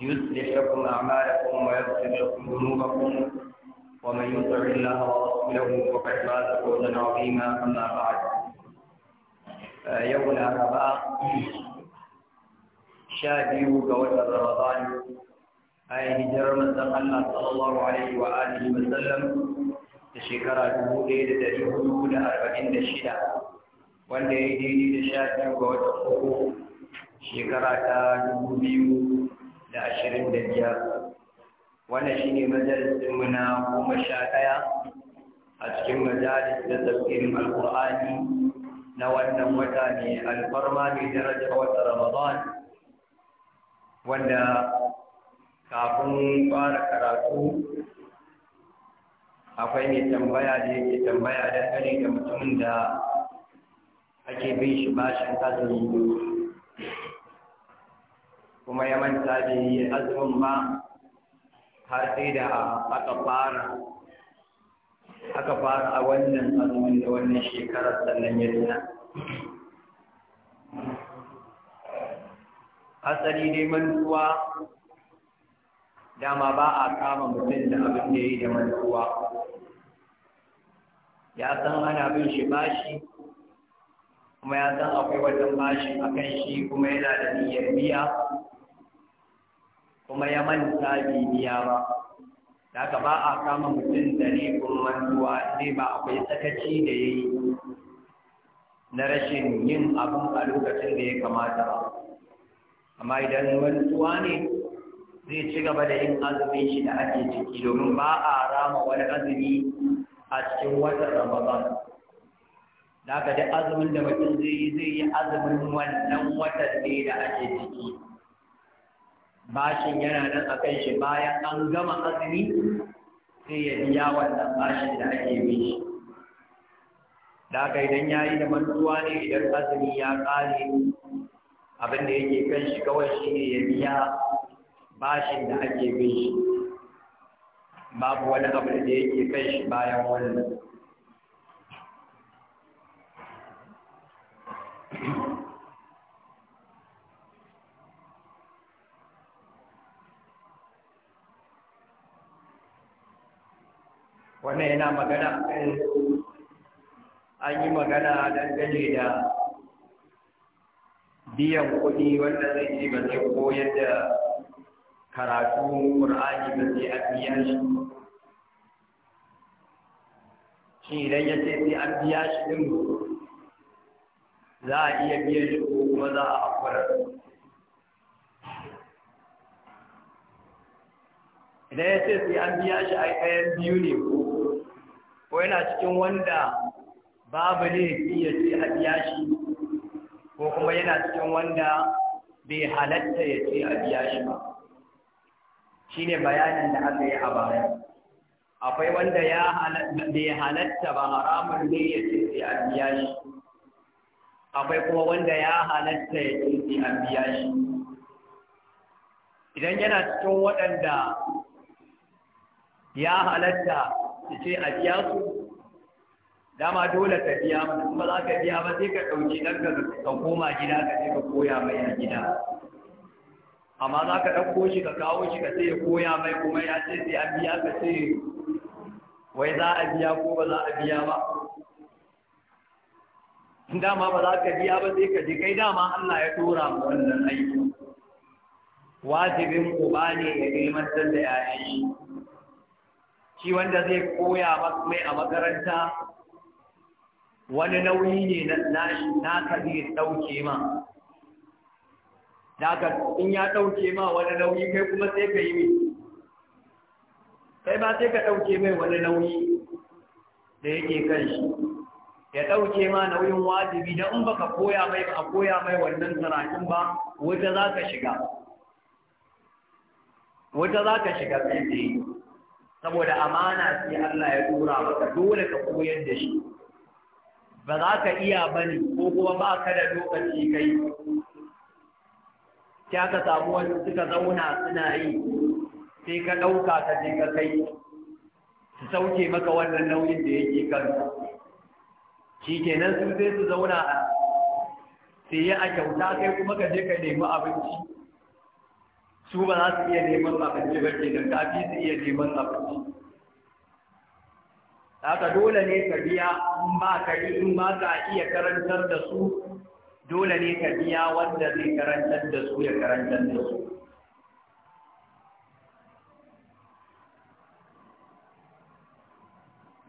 يصلح لكم أعمالكم ويغفر لكم ذنوبكم ومن يطع الله ورسوله فقد فاز فوزا عظيما أما بعد يوم الأربعاء شادي وقوة رمضان أي هجر من تقلى صلى الله عليه وآله وسلم تشكر جهوده لتجهوده لأربعين دشدة wanda ya yi daidai da sha biyu ga watan uku shekara ta dubu biyu da ashirin da biyar wannan shi ne majalisinmu na goma sha ɗaya a cikin majalis da tafsirin alƙur'ani na wannan wata ne alfarma mai daraja wata ramadan wanda kafin fara karatu akwai mai tambaya da yake tambaya kare da mutumin da ake bin shi bashin azumi kuma ya manta da yi azumin ba har sai da aka fara aka fara a wannan azumin da wannan shekarar sannan ya zina asali dai mantuwa dama ba a kama mutum da abin da ya yi da mantuwa ya san ana bin shi bashi kuma ya san akwai wajen bashi a kan shi kuma yana da niyyar biya kuma ya manta bibiya ba da ka ba a kama mutum da kun mantuwa sai ba akwai sakaci da ya yi na rashin yin abin a lokacin da ya kamata ba amma idan mantuwa ne zai ci gaba da yin azumin shi da ake ciki domin ba a rama wani azumi a cikin watan ramadan da ka da azumin da mutum zai yi zai yi azumin wannan watan ne da ake ciki bashin yana nan a kan shi bayan an gama azumi sai ya biya wannan bashin da ake bi shi da haka idan ya yi da mantuwa ne idan azumi ya ƙare abin da yake kan shi kawai shi ne ya biya bashin da ake bin shi babu wani abu da yake kan shi bayan wannan wannan yana magana an yi magana dangane da biyan kuɗi wanda zai ce ba zai koyar da karatu ƙur'ani ba zai an biya shi shi idan ya ce sai an biya shi ɗin za a iya biyan shi ko kuma za a akwara idan ya ce sai an biya shi a kayan biyu ne ko ko yana cikin wanda babu laifi ya ce a biya shi ko kuma yana cikin wanda bai halatta ya ce a biya shi ba shi ne bayanin da aka yi a baya akwai wanda ya bai halatta ba haramun ne ya ce sai a biya shi akwai kuma wanda ya halatta ya ce sai a biya shi idan yana cikin waɗanda ya halatta su ce a biya su dama dole ka biya mana kuma za ka biya ba sai ka ɗauki ɗan ka ka koma gida ka sai ka koya mai a gida amma za ka ɗauko shi ka kawo shi ka sai ya koya mai kuma ya ce sai an biya ka sai wai za a biya ko ba za a biya ba dama ba za ka biya ba sai ka ji kai dama Allah ya tura mu wannan aiki wajibin uba ne ya ilmantar da 'ya'yan shi shi wanda zai koya mai a makaranta wani nauyi ne na ka zai ɗauke ma daga in ya ɗauke ma wani nauyi kai kuma sai ka yi mai kai ba sai ka ɗauke mai wani nauyi da yake kan shi ya ɗauke ma nauyin wajibi da in baka koya mai ba a koya mai wannan sarakin ba wata za ka shiga wata za ka shiga kai tsaye saboda amana sai Allah ya dora maka dole ka koyar da shi ba za ka iya bane ko kuma ba ka da lokaci kai ya ka samu wani suka zauna suna yi sai ka ɗauka ka je ka kai su sauke maka wannan nauyin da yake kanka shi kenan su sai su zauna sai ya a kyauta kai kuma ka je ka nemi abinci su ba za su iya neman abinci ba ke da kafi su iya neman abinci haka dole ne ka biya in ba ka yi in ba ka iya karantar da su dole ne ka biya wanda zai karantar da su ya karantar da su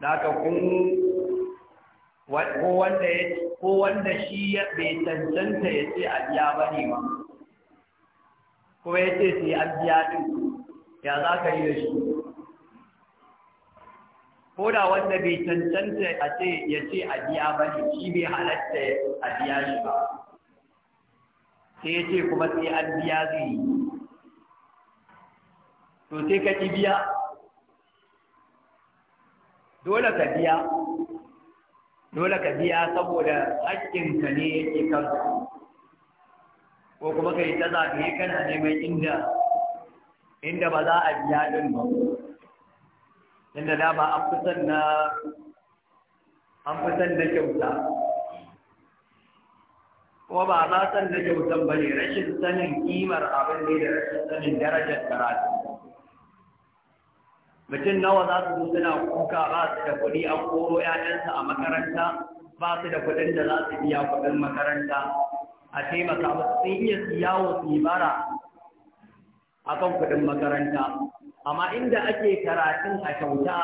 haka kun ko wanda shi ya bai cancanta ya ce a biya ba ne ba kuma ya ce sai an biya ɗin ya za ka yi da shi ko da wanda bai cancanta a ce ya ce a biya ba ne shi bai halatta a biya shi ba sai ya ce kuma sai an biya zai yi to sai ka ki biya dole ka biya dole ka biya saboda haƙƙinka ne yake kanka ko kuma ka yi ta zaɓe kana neman inda inda ba za a biya din ba inda ba an fi na an fi son na kyauta kuma ba za san na kyautan ba ne rashin sanin kimar abin ne da rashin sanin darajar karatu mutum nawa za su zo suna kuka ba su da kuɗi an koro 'ya'yansa a makaranta ba su da kuɗin da za su biya kuɗin makaranta a taimaka musu sun iya siyawo su bara a kan kuɗin makaranta amma inda ake karatun a kyauta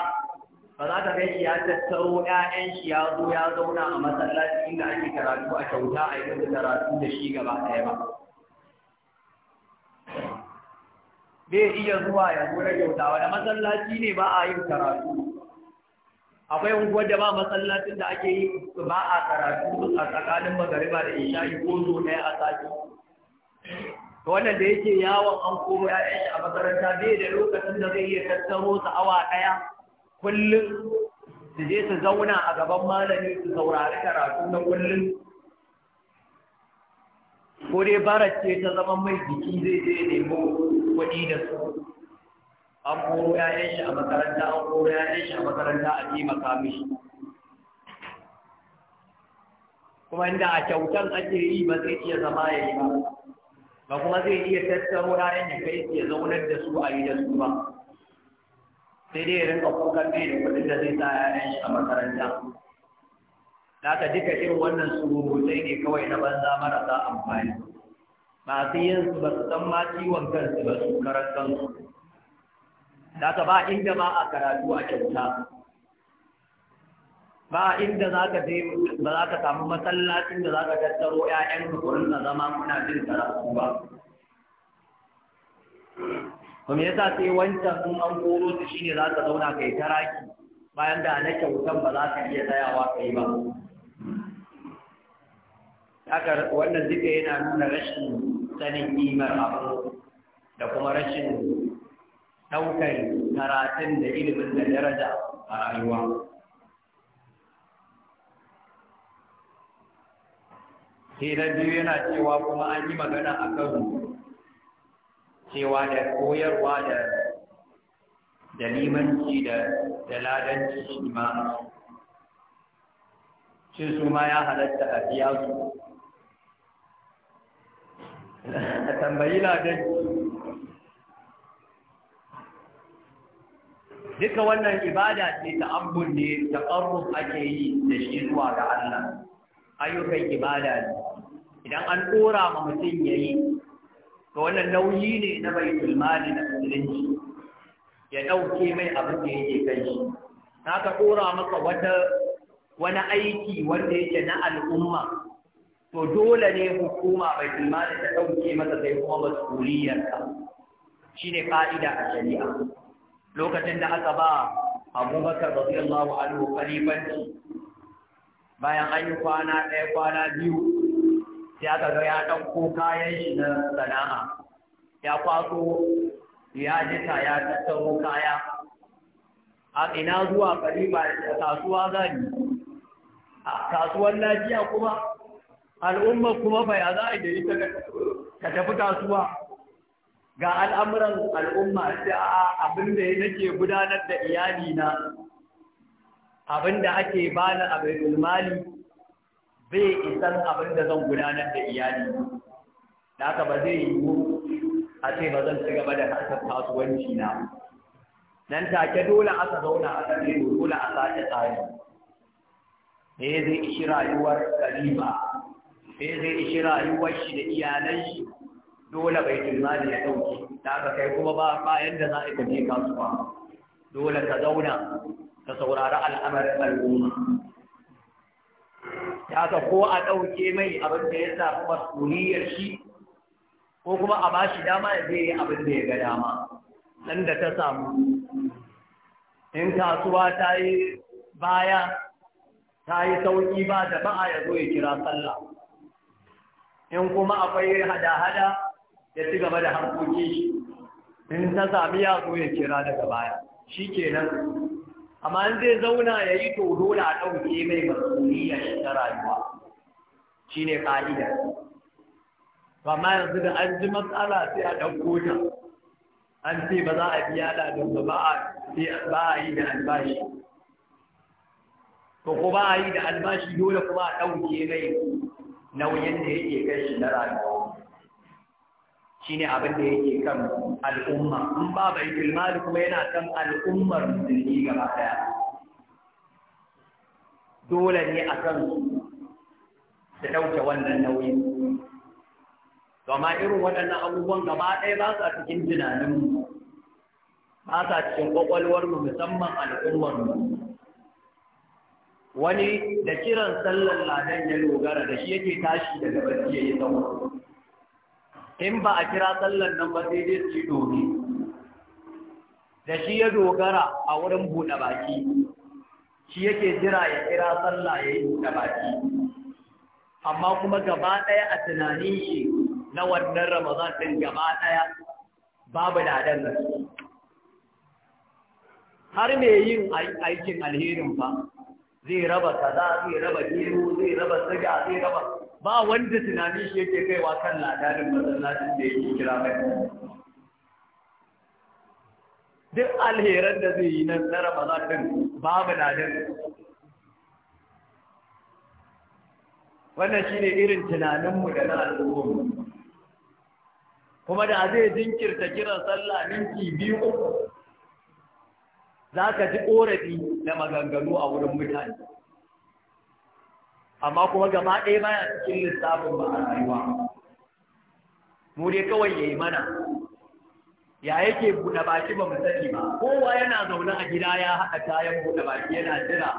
ba za ka ga shi ya tattaro ƴaƴan shi ya zo ya zauna a masallaci inda ake karatu a kyauta a yi da karatu da shi gaba ɗaya ba bai iya zuwa ya zo na kyauta wani masallaci ne ba a yin karatu akwai unguwar da ba masallacin da ake yi ba a karatu a tsakanin magariba da yi ko zo ɗaya a sati ta wannan da yake yawon an ya'yan shi a makaranta bai da lokacin da zai iya tattaro su awa ɗaya kullum su je su zauna a gaban malami su saurari karatu na kullum ko dai barar ce ta zama mai jiki zai je nemo kuɗi da su an koro yayan shi a makaranta an koro yayan shi a makaranta a taimaka mishi kuma inda a kyautan ake yi ba zai iya zama ya yi ba ba kuma zai iya tattaro yayan ya kai ya zaunar da su a yi da su ba sai dai rinka kukan bai da kuɗin da zai sa yayan shi a makaranta haka duka irin wannan surutai ne kawai na banza marasa amfani masu yin su ba su san ma ciwon kansu ba su karar kansu Da ka ba inda ma a karatu a kyauta. Ba inda za ka je ba za ka samu masallacin da za ka tattaro ‘ya'yan kurin na zama muna jin karatu ba. Kuma yasa sai wancan sun an koro su shine za ka zauna kai taraki bayan da na kyautan ba za ka iya tsayawa kai ba. haka wannan duka yana nuna rashin sanin imar abu da kuma rashin ɗaukar karatun da ilimin da daraja a rayuwa. Sai na biyu yana cewa kuma an yi magana a kan cewa da koyarwa da da limanci da da ladanci shi ma shi su ma ya halatta a biya su tambayi ladanci duka wannan ibada ce ta ambun ne da ƙarruf ake yi da shi zuwa ga Allah ayyukan ibada ne idan an ɗora ma mutum ya yi to wannan nauyi ne na bai mali na musulunci ya ɗauke mai abin da yake kai shi na ka ɗora maka wata wani aiki wanda yake na al'umma to dole ne hukuma bai mali ta ɗauke masa kai kuma masuliyarka shi ne fa'ida a shari'a lokacin da aka ba abubakar radiyallahu anhu khalifanci bayan an yi kwana ɗaya kwana biyu sai aka ga ya ɗauko kayan shi na sana'a ya kwaso ya jita ya tattaro kaya a ina zuwa da kasuwa gani a kasuwan lafiya kuma al'umma kuma bai a za a da ita ka tafi kasuwa ga al'amuran al'umma sai abin da nake gudanar da iyali na abin da ake bani a baitul mali zai isan abin da zan gudanar da iyali da haka ba zai yiwu a ce ba zan ci gaba da harkar kasuwanci na nan take dole aka zauna a kan ido dole a sake tsari me zai ishi rayuwar kariba me zai ishi rayuwar shi da iyalan shi dole bai mali ya ɗauke, da aka kai kuma ba da za a je kasuwa dole ka zauna ka saurari al'amarin al'umma Ya aka ko a dauke mai abin da ya sa masuliyar shi ko kuma a bashi dama ya yi abin da ya ga dama nan da ta samu in kasuwa ta yi baya ta yi sauƙi ba da ba'a ya zo ya kira sallah in kuma akwai hada-hada ya ci gaba da harkoki in ta sami ya zo ya kira daga baya shi ke nan amma in zai zauna ya yi to dole a ɗauke mai masuliyar ta rayuwa shi ne ƙa'ida to amma yanzu da an ji matsala sai a ɗauko ta an ce ba za a biya ladin ba ba a yi da albashi to ko ba a yi da albashi dole kuma a ɗauke mai nauyin da yake kai shi na rayuwa shine abin da yake kan al'umma in ba bai mali kuma yana kan al'ummar musulmi gaba daya dole ne a kan su ɗauke wannan nauyi Gama irin waɗannan abubuwan gaba ɗaya ba sa cikin tunaninmu ba sa cikin ƙwaƙwalwarmu musamman al'ummar mu. wani da kiran sallar ladan ya dogara da shi yake tashi daga barci ya yi in ba a kira sallan nan ba sai dai su dogi da shi ya dogara a wurin buɗe baki shi yake jira ya kira sallah ya yi buɗe baki amma kuma gaba ɗaya a tunanin shi na wannan Ramadan ɗin gaba ɗaya babu ladan nan. Har me yin aikin alherin fa zai raba kaza zai raba gero zai raba siga zai raba ba wanda tunani shi yake kaiwa kan ladarin masallacin da yake kira mai duk alheran da zai yi nan na ramadan din babu ladin wannan shine irin tunaninmu da na al'umma kuma da zai jinkirta kiran sallah ninki biyu uku za ka ji ƙorafi da maganganu a wurin mutane amma kuma gaba ɗaya baya cikin lissafin ba a rayuwa mu dai kawai ya yi mana ya yake buɗe baki ba mu sani ba kowa yana zaune a gida ya haɗa kayan buɗe baki yana jira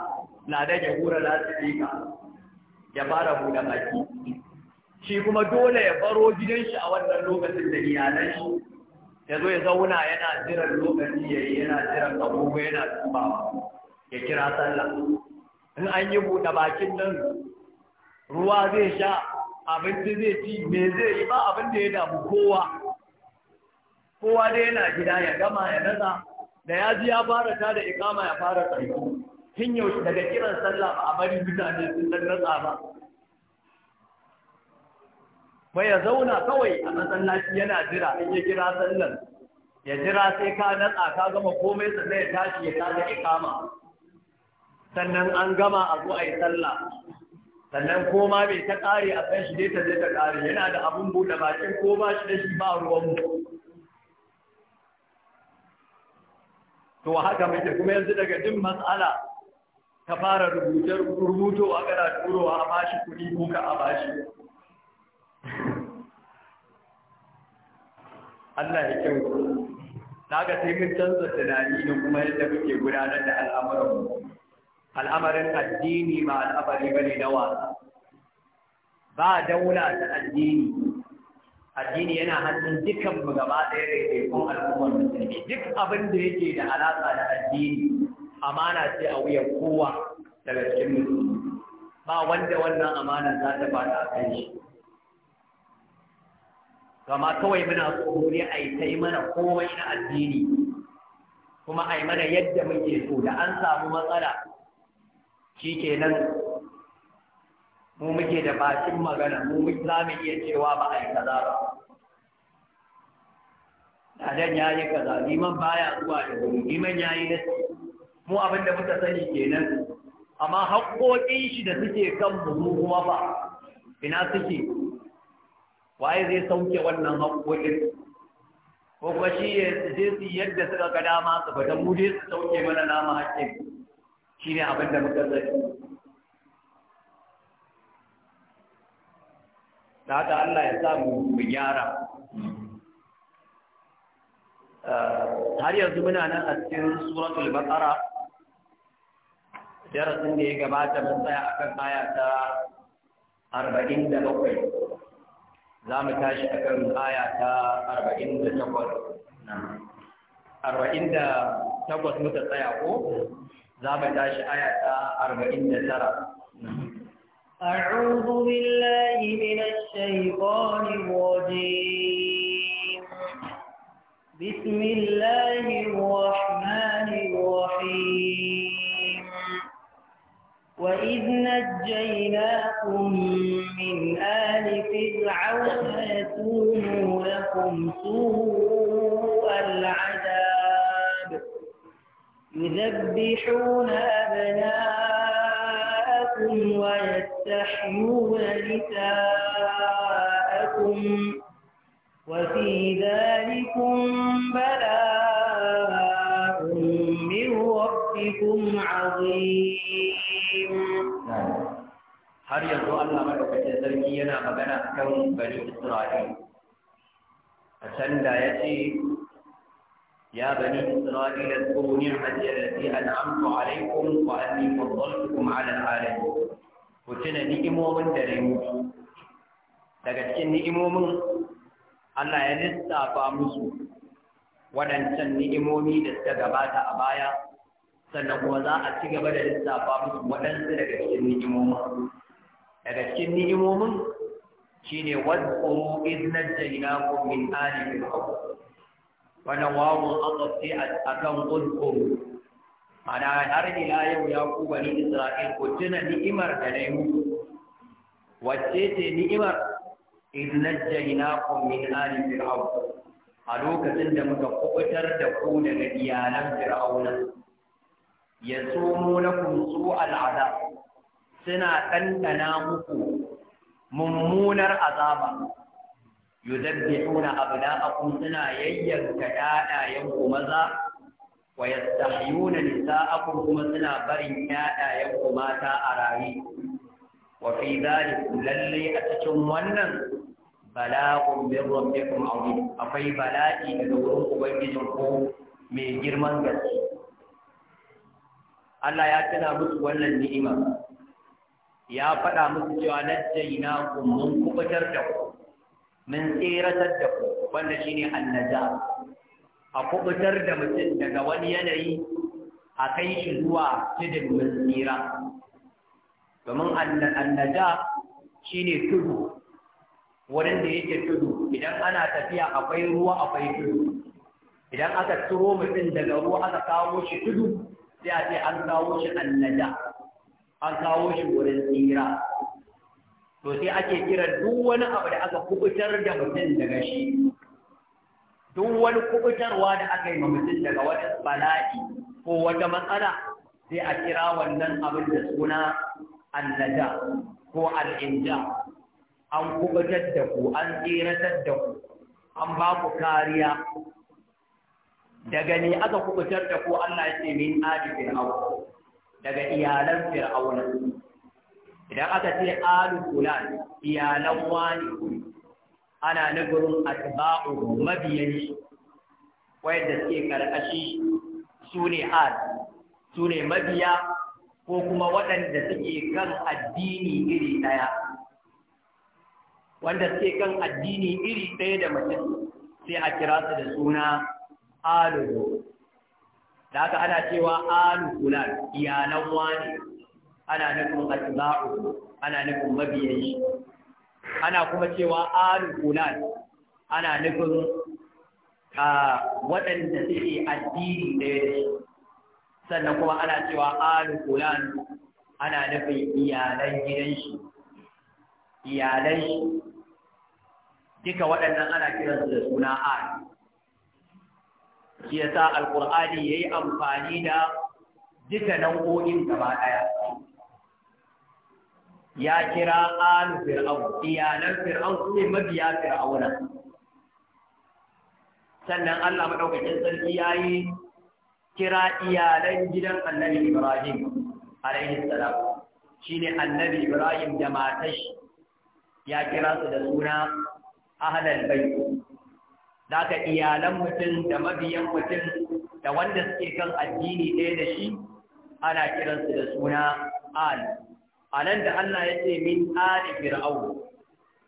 ladan ya hura lasifika ya fara buɗe baki shi kuma dole ya baro gidan shi a wannan lokacin da iyalan shi ya zo ya zauna yana jiran lokaci ya yi yana jiran agogo yana tubawa ya kira sallah in an yi buɗe bakin nan ruwa zai sha abinci zai ci me zai yi ba abin da ya damu kowa kowa dai yana gida ya gama ya nasa da ya ji ya fara ta da ikama ya fara tsarki tun yaushe daga kiran sallah ba a bari mutane sun dan nasa ba ba ya zauna kawai a masallaci yana jira in ya kira sallar ya jira sai ka natsa ka gama komai sannan ya tashi ya da ikama sannan an gama a zo a yi sallah sannan koma ma bai ta ƙare a kan shi dai ta zai ta ƙare yana da abin buɗe bakin ko ba shi da shi ba ruwanmu to haka muke kuma yanzu daga duk matsala ta fara a kana turowa a bashi kuɗi ko ka a bashi Allah ya kyau na ga sai mun canza tunani da kuma yadda muke gudanar da al'amuranmu al'amarin addini ba al'amari bane na wasa ba daula ta addini addini yana hannun dukan mu gaba ɗaya da ke kun al'ummar musulmi duk abin da yake da alaƙa da addini amana ce a wuyan kowa daga cikin musulmi ba wanda wannan amana za ta faɗa a kan shi Gama kawai muna tsoro ne a yi ta yi mana komai na addini kuma a yi mana yadda muke so da an samu matsala shi kenan mu muke da bakin magana mu za mu iya cewa ba a yi kaza ba dan ya yi kaza, liman baya zuwa da wuri, liman ya yi nasi, mu abin da muka sani kenan, amma haƙoƙin shi da suke kan mu kuma ba, ina suke, waye zai sauke wannan haƙoƙin, ko kuma shi ya je su yadda suka ga dama su fata mu dai su sauke mana nama haƙƙin. shi ne abin da muka zai da haka Allah ya sa mu gyara eh, har yanzu muna nan a cikin suratul baqara darasin da ya gabata mun tsaya akan aya ta arba'in da bakwai za mu tashi akan aya ta arba'in da takwas arba'in da takwas muka tsaya ko za mu tashi aya أعوذ بالله من الشيطان الرجيم بسم الله الرحمن الرحيم وإذ نجيناكم من آل فرعون يسومونكم لكم سوء يذبحون أبناءكم ويستحيون نساءكم وفي ذلكم بلاء من ربكم عظيم har yanzu Allah madaukakin sarki yana magana kan bani Isra'il a can da ya ce يا بني إسرائيل اذكروا نعمتي التي أنعمت عليكم وأني فضلتكم على العالمين وتنا نئمومن دريمو daga cikin ni'imomin Allah ya lissafa musu waɗancan ni'imomi da suka gabata a baya sannan kuma za a ci gaba da lissafa musu waɗansu daga cikin ni'imomin daga cikin ni'imomin shine wadda iznar jaina wannan wawon akwafce a kan udkum ana har ila yau ya ku bani isra'il ku tuna ni'imar da na yi muku wacce ce ni'imar in najjaynakum min ali fir'aun a lokacin da muka kubutar da ku daga iyalan fir'auna yasumu na kunsu azab suna ɗanɗana muku mummunar azaba yudabbihuna abna'akum suna yayyanka ƴaƴayen ku maza wa yastahyuna nisa'akum kuma suna barin ƴaƴayen ku mata a raye wa fi dhalikum lalle a cikin wannan bala'un min rabbikum azim akwai bala'i daga wurin ubangijin ku mai girman gaske Allah ya tana musu wannan ni'ima ya faɗa musu cewa najjayna kun mun kubutar da ku mun tseratar da ku wanda shine annaja a kubutar da mutum daga wani yanayi a kai shi zuwa tudun min tsira domin annaja shine tudu wurin da yake tudu idan ana tafiya akwai ruwa akwai tudu idan aka turo mutum daga ruwa aka kawo shi tudu sai a ce an kawo shi annaja an kawo shi wurin tsira to sai ake kiran duk wani abu da aka kubutar da mutum daga shi duk wani kubutarwa da aka yi ma mutum daga wata bala'i ko wata matsala sai a kira wannan abin da suna annaja ko al'inja an kubutar da ku an tseratar da ku an ba ku kariya daga ne aka kubutar da ku Allah ya ce min adi fir'auna daga iyalan fir'auna idan aka ce alu fulan iyalan wani ana nufin atba'u mabiyan shi da suke karkashi su ne al su ne mabiya ko kuma waɗanda suke kan addini iri ɗaya wanda suke kan addini iri ɗaya da mutum sai a kira su da suna alu da aka ana cewa alu fulan iyalan wani ana nufin atba'u ana nufin mabiyayi ana kuma cewa alu fulan ana nufin waɗanda suke addini ɗaya da shi sannan kuma ana cewa alu fulan ana nufin iyalan gidan shi iyalan shi duka waɗannan ana kiransu da suna al shi yasa alqur'ani yayi amfani da duka nau'o'in gaba ɗaya ya kira al fir'aun iyalan fir'aun su ne mabiya fir'auna sannan Allah madaukakin sarki yayi kira iyalan gidan annabi Ibrahim alaihi salam shine annabi Ibrahim da matash ya kira su da suna ahlal bait daga iyalan mutum da mabiyan mutum da wanda suke kan addini ɗaya da shi ana kiransu da suna al a nan da Allah ya ce min ali fir'aun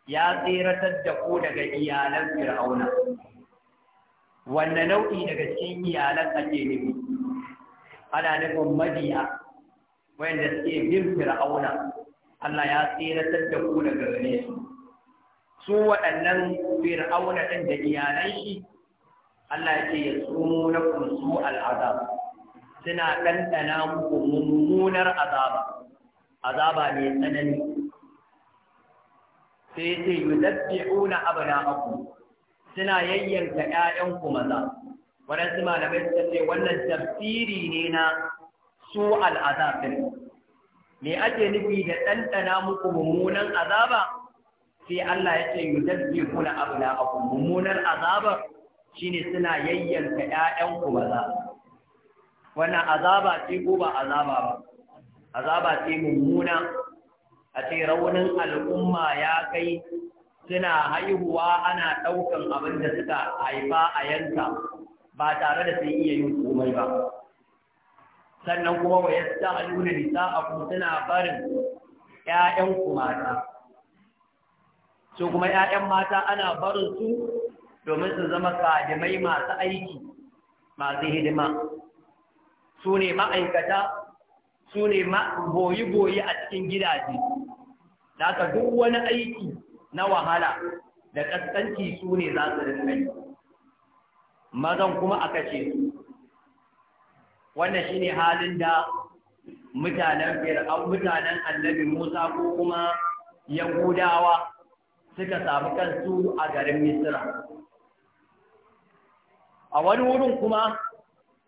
ya tseratar da ku daga iyalan fir'auna wanne nau'i daga cikin iyalan ake nufi ana nufin mabiya wanda suke bin fir'auna Allah ya tseratar da ku daga gare su su waɗannan fir'auna ɗin da iyalan shi Allah ya ce ya tsumo na kunsu al'azab suna ɗanɗana muku mummunar azaba azaba ne tsanani sai ce yuzabbi'una abna'akum suna yayyanka 'ya'yanku maza waɗansu malamai suka ce wannan tafsiri ne na su al'azafin me ake nufi da ɗanɗana muku mummunan azaba sai Allah ya ce yudabbi kuna abu na abna'akum Mummunan azaba shine suna yayyanka 'ya'yanku maza wannan azaba ce ko ba azaba ba azaba ce mummuna a ce raunin al'umma ya kai suna haihuwa ana ɗaukan abin da suka haifa a yanta ba tare da sun iya yin komai ba sannan kuma wa yasta aluna nisa'akum suna barin 'ya'yan mata su kuma 'ya'yan mata ana barin su domin su zama kadimai masu aiki masu hidima su ne ma'aikata su ne boyi-boyi a cikin gidaje da aka duk wani aiki na wahala da kaskanci su ne za su rinka mazan kuma aka ce su wannan shi ne halin da mutanen fir'aun mutanen annabi musa ko kuma yahudawa suka samu kansu a garin misira a wani wurin kuma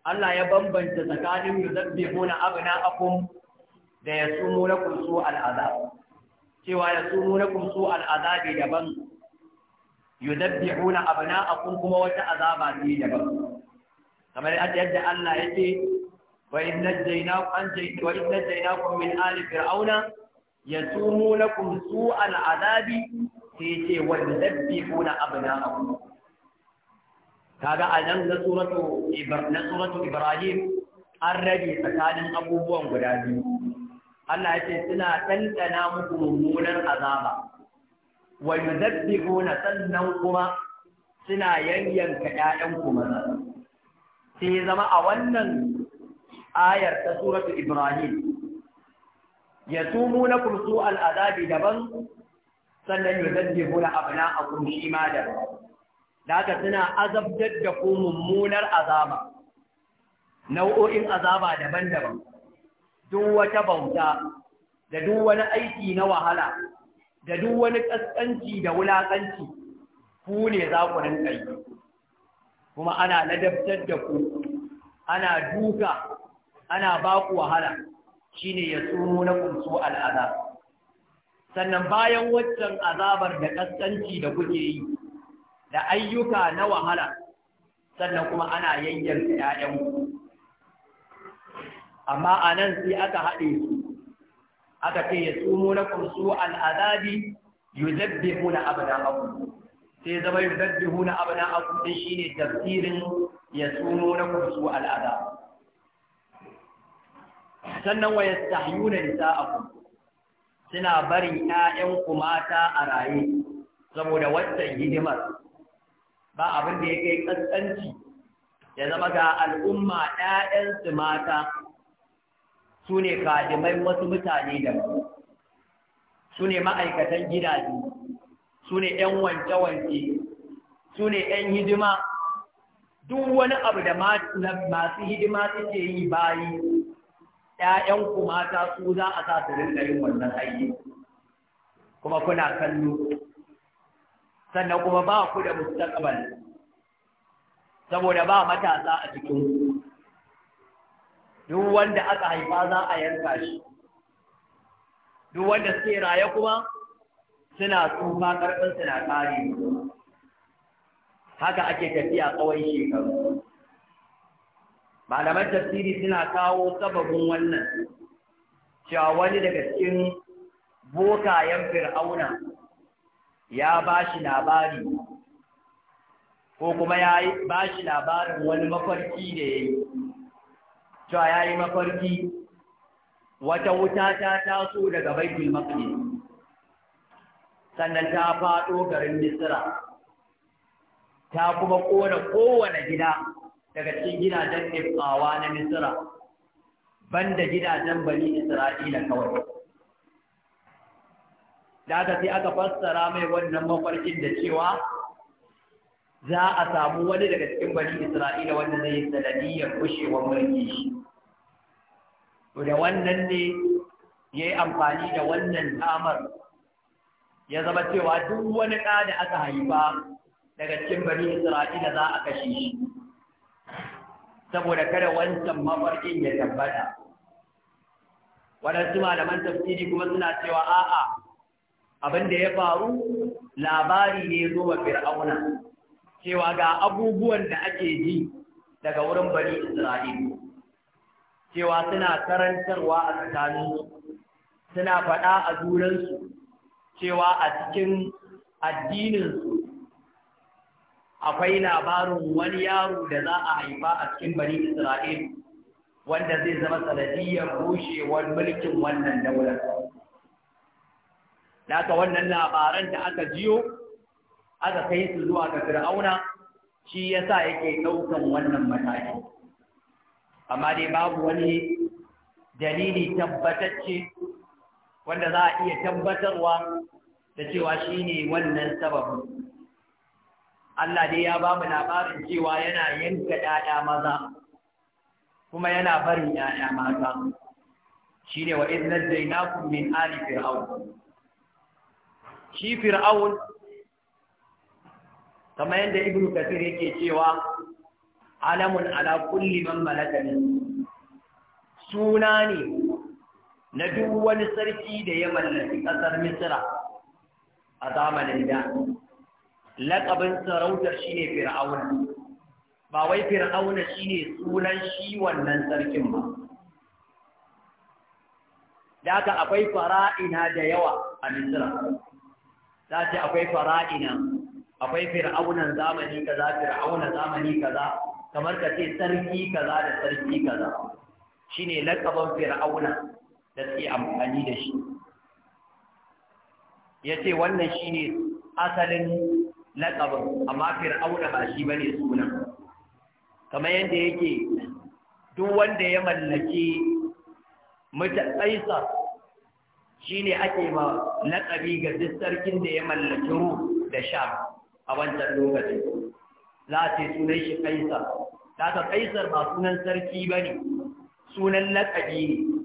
Allah ya bambanta tsakanin yuzabbihuna abna'akum da ya sumu na su al'azab cewa ya sumu yasumunakum su al'azab daban yuzabbihuna abna'akum kuma wata azaba ne daban kamar yadda Allah yake wa in najaynakum an jayi wa in najaynakum min ali fir'auna yasumunakum su al'azab sai ce wa yuzabbihuna abna'akum kaga a nan na suratu ibrahim an rage tsakanin abubuwan guda biyu Allah ya ce suna tantana muku mummunar azaba wa yuzabbihuna sannan kuma suna yayyanka ƴaƴan ku maza sai zama a wannan ayar ta suratu ibrahim yasumunakum al azabi daban sannan yuzabbihuna abna'akum shi ma daban daga suna azabtar da ku mummunar azaba nau'o'in azaba daban-daban duk wata bauta da duk wani aiki na wahala da duk wani ƙasƙanci da wulaƙanci ku ne za ku yi kuma ana ladabtar da ku ana duka ana ba ku wahala shine ya tsoro na ƙunsu al'azab sannan bayan waccan azabar da kaskanci da kuke yi da ayyuka na wahala sannan kuma ana yayyanka ‘ya'yan amma a nan sai aka haɗe su aka ce ya tsumo na kursu al'adabi azabi zabbe huna abana abu sai zama yi na huna abana abu ɗin shi ne tafsirin ya tsumo na kursu al'adabi sannan wa yastahyuna nisa'akum suna barin ƴaƴan ku mata a raye saboda wannan hidimar ba abin da ya kai kaskanci ya zama ga al'umma ‘ya'yansu mata su ne kadimai wasu mutane da su ne ma'aikatan gidaje su ne yan wance-wance, su ne ‘yan hidima duk wani abu da masu hidima suke yi bayi ‘ya'yanku mata su za a sa su rinka yin wannan aiki kuma kuna kallo sannan kuma ba ku da mustaqbal saboda ba matasa a cikin duk wanda aka haifa za a yanka shi duk wanda suke raye kuma suna tsufa karfin suna kare haka ake tafiya tsawon shekaru malaman tafsiri suna kawo sababin wannan cewa wani daga cikin bokayen fir'auna ya ba shi labari ko kuma ya ba labarin wani mafarki da ya yi cewa ya yi mafarki wata wuta ta taso daga baitul maqdis sannan ta faɗo garin misira ta kuma ƙona kowane gida daga cikin gidajen ɗifkawa na misira banda gidajen bani isra'ila kawai da aka sai aka fassara mai wannan mafarkin da cewa za a samu wani daga cikin bani isra'ila wanda zai yi sanadiyar kushewa mulki shi to da wannan ne ya yi amfani da wannan damar ya zama cewa duk wani ɗa da aka haifa daga cikin bani isra'ila za a kashe shi saboda kada wancan mafarkin ya tabbata Wadansu malaman tafsiri kuma suna cewa a'a abin da ya faru labari ne zo wa fir'auna cewa ga abubuwan da ake ji daga wurin bani isra'ilu cewa suna karantarwa a tsakaninsu suna faɗa a juransu cewa a cikin addininsu akwai labarin wani yaro da za a haifa a cikin bani isra'ilu wanda zai zama sanadiyar rushewar mulkin wannan daular da aka wannan labaran da aka jiyo aka kai su zuwa ga fir'auna shi yasa yake ɗaukan wannan mataki amma dai babu wani dalili tabbatacce wanda za a iya tabbatarwa da cewa shi ne wannan sababin Allah dai ya ba mu labarin cewa yana yanka ‘ya'ya maza kuma yana barin ‘ya'ya mata shi ne wa iznar zainakun min ali fir'auna. shi fir'aun kamar yadda ibnu kasir yake cewa alamun ala kulli man malaka suna ne na duk wani sarki da ya mallaki ƙasar misira a zamanin da laƙabin sarautar shi ne fir'auna ba wai fir'auna shine sunan shi wannan sarkin ba da aka akwai fara'ina da yawa a misira za ta akwai fara'ina akwai fir'aunan zamani kaza fir'auna zamani kaza kamar ka ce sarki kaza da sarki kaza shine lakaban fir'auna da suke amfani da shi yace wannan shine asalin lakaban amma fir'auna ba shi bane sunan kamar yadda yake duk wanda ya mallaki mutai shi ne ake ma laƙabi ga duk sarkin da ya mallaki ru da sha a wancan lokacin za a ce sunan shi kaisar za ta kaisar ba sunan sarki ba ne sunan laƙabi ne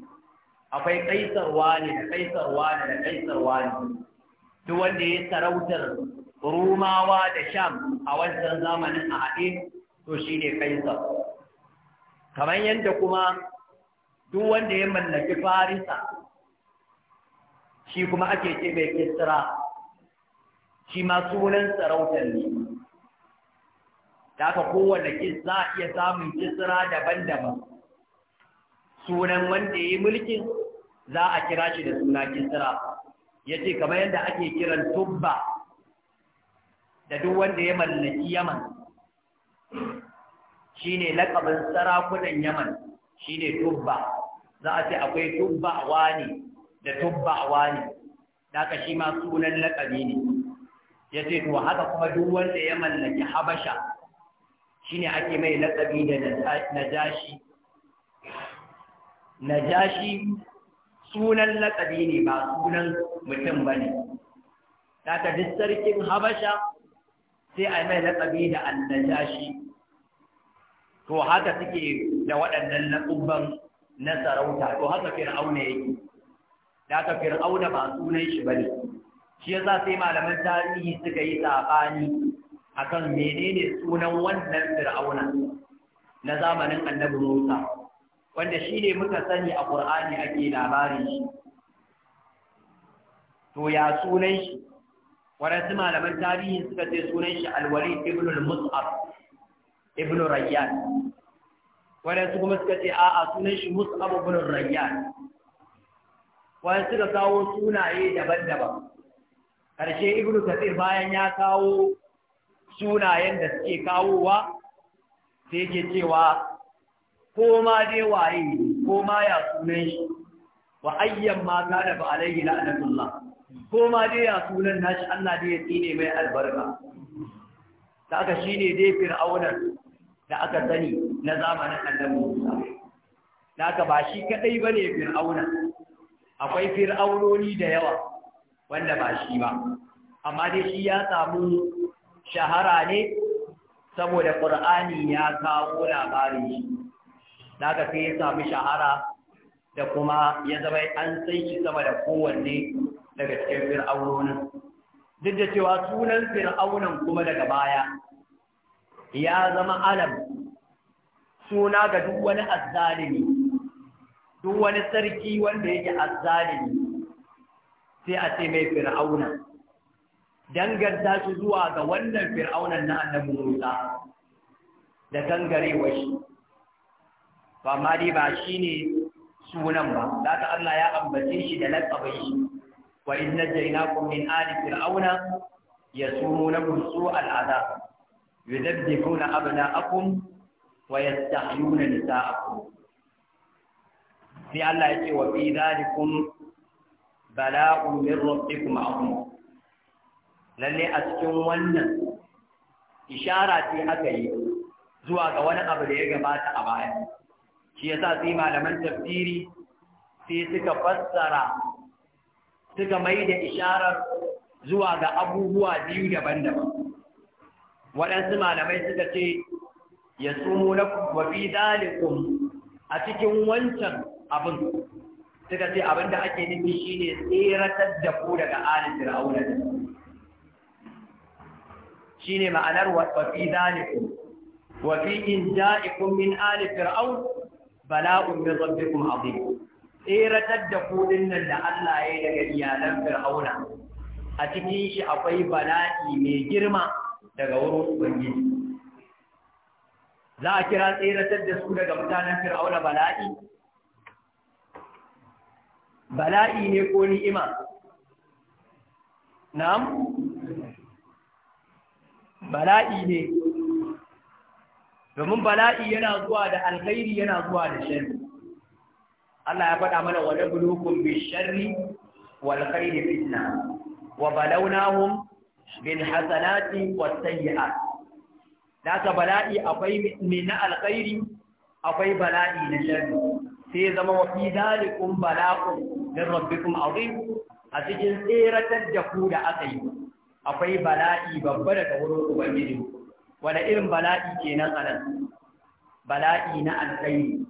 akwai Kaisarwa ne da Kaisarwa ne da Kaisarwa ne. duk wanda ya sarautar rumawa da sha a wancan zamanin a haɗe to shi ne kaisar kamar yadda kuma duk wanda ya mallaki farisa shi kuma ake ce mai kisra shi ma sunan sarautar ne da aka kowane kisra iya samun kisra daban-daban sunan wanda ya yi mulkin za a kira shi da suna kisra ya ce kamar yadda ake kiran tubba da duk wanda ya mallaki yaman shi ne laƙabin sarakunan yaman shi tubba za a ce akwai tubba wani da tubbawa ne daga shi ma sunan laƙabi ne ya ce to haka kuma duk wanda ya mallaki habasha shine ake mai laƙabi da najashi najashi sunan laƙabi ne ba sunan mutum ba ne daga duk sarkin habasha sai a mai laƙabi da annajashi to haka suke da waɗannan laƙubban na sarauta to haka fir'auna yake da aka auna ba sunan shi bane shi yasa sai malaman tarihi suka yi sabani akan menene sunan wannan fir'auna na zamanin annabi Musa wanda shi ne muka sani a Qur'ani ake labarin shi to ya sunan shi waɗansu malaman tarihi suka ce sunan shi alwali ibn al-mus'ab ibn rayyan waɗansu kuma suka ce a'a sunan shi mus'ab ibn rayyan wani suka kawo sunaye daban-daban ƙarshe ibnu kathir bayan ya kawo sunayen da suke kawowa sai ke cewa ko ma dai waye ko ma ya sunan shi wa ayyan ma ka da ba alaihi la'anatullah ko ma dai ya sunan nashi Allah dai ya tsine mai albarka da aka shine dai fir'aunar da aka sani na zamanin annabi Musa da aka ba shi kadai bane fir'aunar akwai fir'aunoni da yawa wanda ba shi ba amma dai shi ya samu shahara ne saboda ƙur'ani ya kawo labarin shi daga sai ya samu shahara da kuma ya zama an sai shi sama da kowanne daga cikin fir'aunonin duk da cewa sunan fir'aunan kuma daga baya ya zama alam suna ga duk wani azzalimi duk wani sarki wanda yake azzalimi sai a ce mai fir'auna danganta su zuwa ga wannan fir'aunan na annabi Musa da gangarewa shi ba ma dai ba shine sunan ba zaka Allah ya ambace shi da laqabin shi wa inna jainakum min ali fir'auna yasumunakum su'al adab yudabbiruna abna'akum wa yastahyuna nisa'akum sai Allah ya ce wa fi zalikum bala'un min rabbikum azim lalle a cikin wannan ishara ce aka yi zuwa ga wani abu da ya gabata a baya shi yasa sai malaman tafsiri sai suka fassara suka mai da isharar zuwa ga abubuwa biyu daban-daban waɗansu malamai suka ce ya tsumo na wafi dalikun a cikin wancan abin suka ce abin da ake nufi shine tseratar da ku daga alin fir'auna da Shi ne ma'anar wa fi zalikum wa fi inja'ikum min ali fir'aun bala'un min rabbikum azim tseratar da ku dinnan da Allah ya daga iyalan fir'auna a cikin shi akwai bala'i mai girma daga wurin ubangiji za a kira tseratar da su daga mutanen fir'auna bala'i bala'i ne ko ni'ima na'am bala'i ne domin bala'i yana zuwa da alkhairi yana zuwa da sharri Allah ya faɗa mana wa nabluukum bi sharri wal khairi fitna wa balawnahum bil hasanati was daga bala'i akwai min alkhairi akwai bala'i na sharri sai zama wafi dalikun zalikum bala'un min azim a cikin tseratar da ku da aka yi akwai bala'i babba daga wurin ubangiji wani irin bala'i ke a nan bala'i na alkai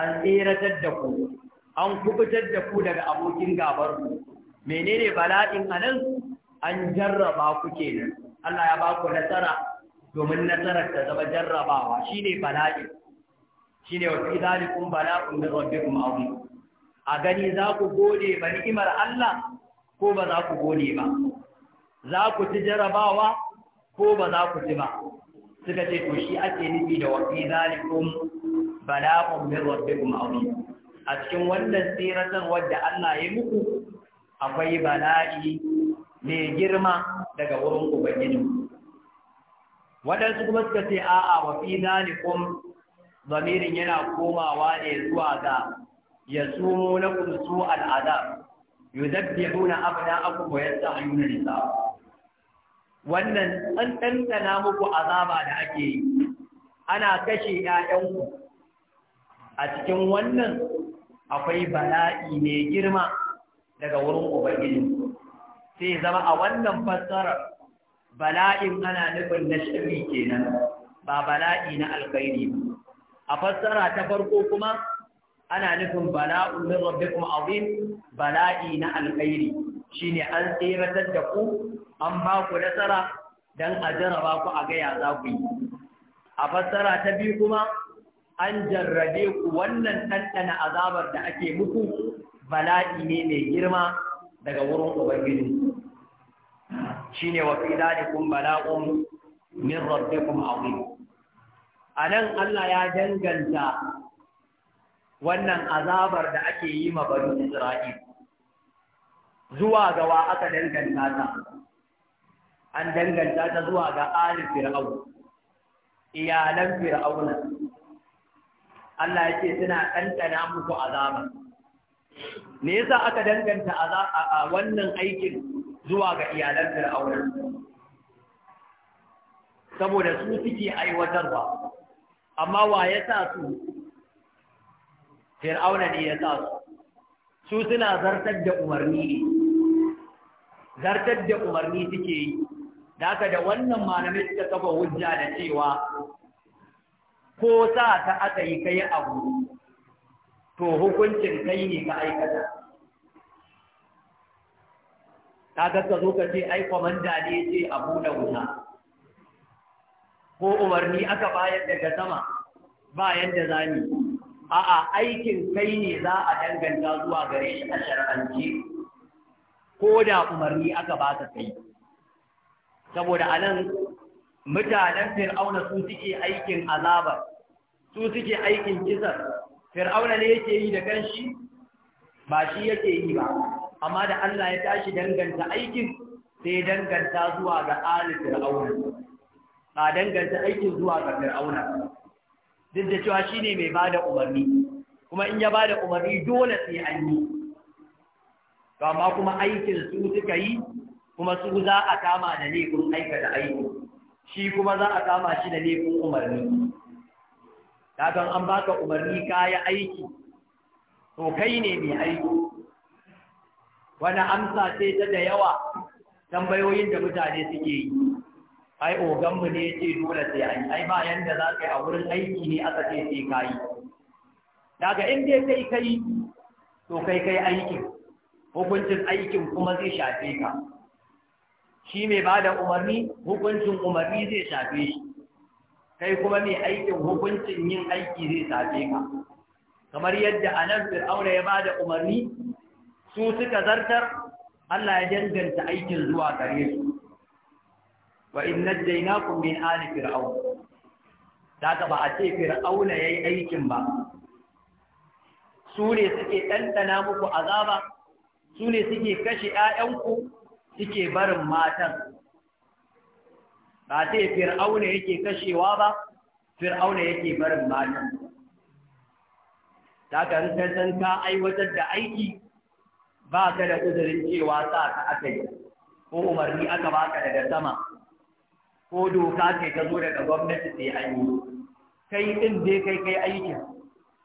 an tseratar da ku an kubutar da ku daga abokin gabar ku menene bala'in a an jarraba ku ke nan, Allah ya ba ku nasara domin nasarar ta zama jarrabawa shine bala'i shine kun fi kun bala'un min kuma abu a gani za ku gode ba ni'imar Allah ko ba za ku gode ba za ku ci jarabawa ko ba za ku ci ba suka ce to shi ake nufi da kun fi kun bala'un min kuma abu a cikin wannan tsiratar wadda Allah ya muku akwai bala'i mai girma daga wurin Ubangiji. Waɗansu kuma suka ce a'a wa fi zalikum zamirin yana komawa ne zuwa ga ya sumo na kursu al'adab yudabbihuna abna'akum wa yastahiyuna nisa'akum wannan an tantana muku azaba da ake yi ana kashe 'ya'yanku. a cikin wannan akwai bala'i mai girma daga wurin ubangiji sai zama a wannan fassarar bala'in ana nufin na shiri kenan ba bala'i na alkhairi ba a fassara ta farko kuma ana nufin bala'un min rabbikum azim bala'i na alkhairi shine an tsiratar da ku an ba ku nasara dan a jaraba ku a ga ya za ku yi a fassara ta biyu kuma an jarrabe ku wannan ɗanɗana azabar da ake muku bala'i ne mai girma daga wurin ubangiji shine wa fi dalikum bala'un min rabbikum azim a nan Allah ya danganta wannan azabar da ake yi ma banu Isra'il zuwa gawa aka danganta ta an danganta ta zuwa ga alif fir'aun iyalan Fir'aunan. Allah ya ce suna ɗanɗana muku azabar. me yasa aka danganta a wannan aikin zuwa ga iyalan Fir'aunan? saboda su suke aiwatarwa amma wa ya sa su fir'auna ne ya sa su su suna zartar da umarni ne zartar da umarni suke yi da haka da wannan malamai suka kafa hujja da cewa ko sa ta aka yi kai abu to hukuncin kai ne ka aikata ta ga ka zo ka ce ai kwamanda ne ce abu da wuta ko umarni aka bayar daga sama ba yadda za ni a'a aikin kai ne za a danganta zuwa gare shi a shar'anci ko da umarni aka ba ta kai saboda anan mutanen fir'auna su suke aikin azabar su suke aikin kisar fir'auna ne yake yi da kanshi ba shi yake yi ba amma da Allah ya tashi danganta aikin sai danganta zuwa ga ali fir'auna ba danganta aikin zuwa ga fir'auna duk da cewa shine mai bada umarni kuma in ya bada umarni dole sai an yi to amma kuma aikin su suka yi kuma su za a kama da laifin aikata aiki shi kuma za a kama shi da laifin umarni kagan an baka umarni kaya aiki to kai ne mai aiki wani amsa sai ta da yawa tambayoyin da mutane suke yi ai mu ne ya dole sai an ai ba yanda za ka yi a wurin aiki ne aka ce sai ka daga in dai kai kai to kai kai aikin hukuncin aikin kuma zai shafe ka shi mai bada da umarni hukuncin umarni zai shafe shi kai kuma mai aikin hukuncin yin aiki zai shafe ka kamar yadda anan fir'auna ya ba da umarni su suka zartar Allah ya danganta aikin zuwa gare su wa in najjaynakum min ali fir'aun daga ba a ce fir'auna yayi aikin ba su ne suke ɗanɗana muku azaba su ne suke kashe ‘ya'yanku suke barin matan ba ce fir'auna yake kashewa ba fir'auna yake barin matan ta kan san ka aiwatar da aiki ba ka da uzurin cewa sa ka aka yi ko umarni aka baka daga sama ko doka ce ta zo daga gwamnati sai an yi kai ɗin dai kai kai aikin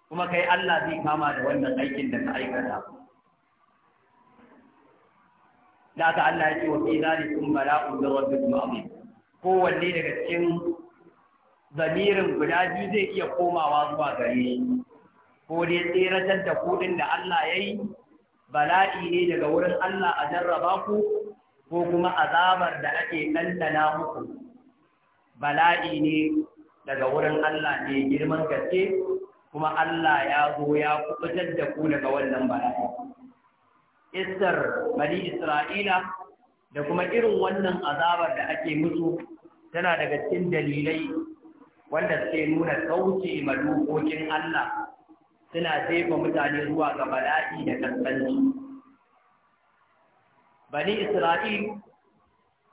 kuma kai Allah zai kama da wannan aikin da ka aikata da ka Allah ya ce wa fi zalikum bala'un min rabbikum azim kowanne daga cikin zamirin guda biyu zai iya komawa zuwa gare shi ko dai tseratar da kuɗin da Allah ya yi bala'i ne daga wurin Allah a jarraba ku ko kuma azabar da ake ɗanɗana muku bala'i ne daga wurin Allah ne girman gaske kuma Allah ya zo ya kubutar da ku daga wannan bala'i Istar bani Isra'ila da kuma irin wannan azabar da ake musu tana daga cikin dalilai wanda suke nuna kauce ma dokokin Allah suna jefa mutane zuwa ga bala'i da kasance bani Isra'il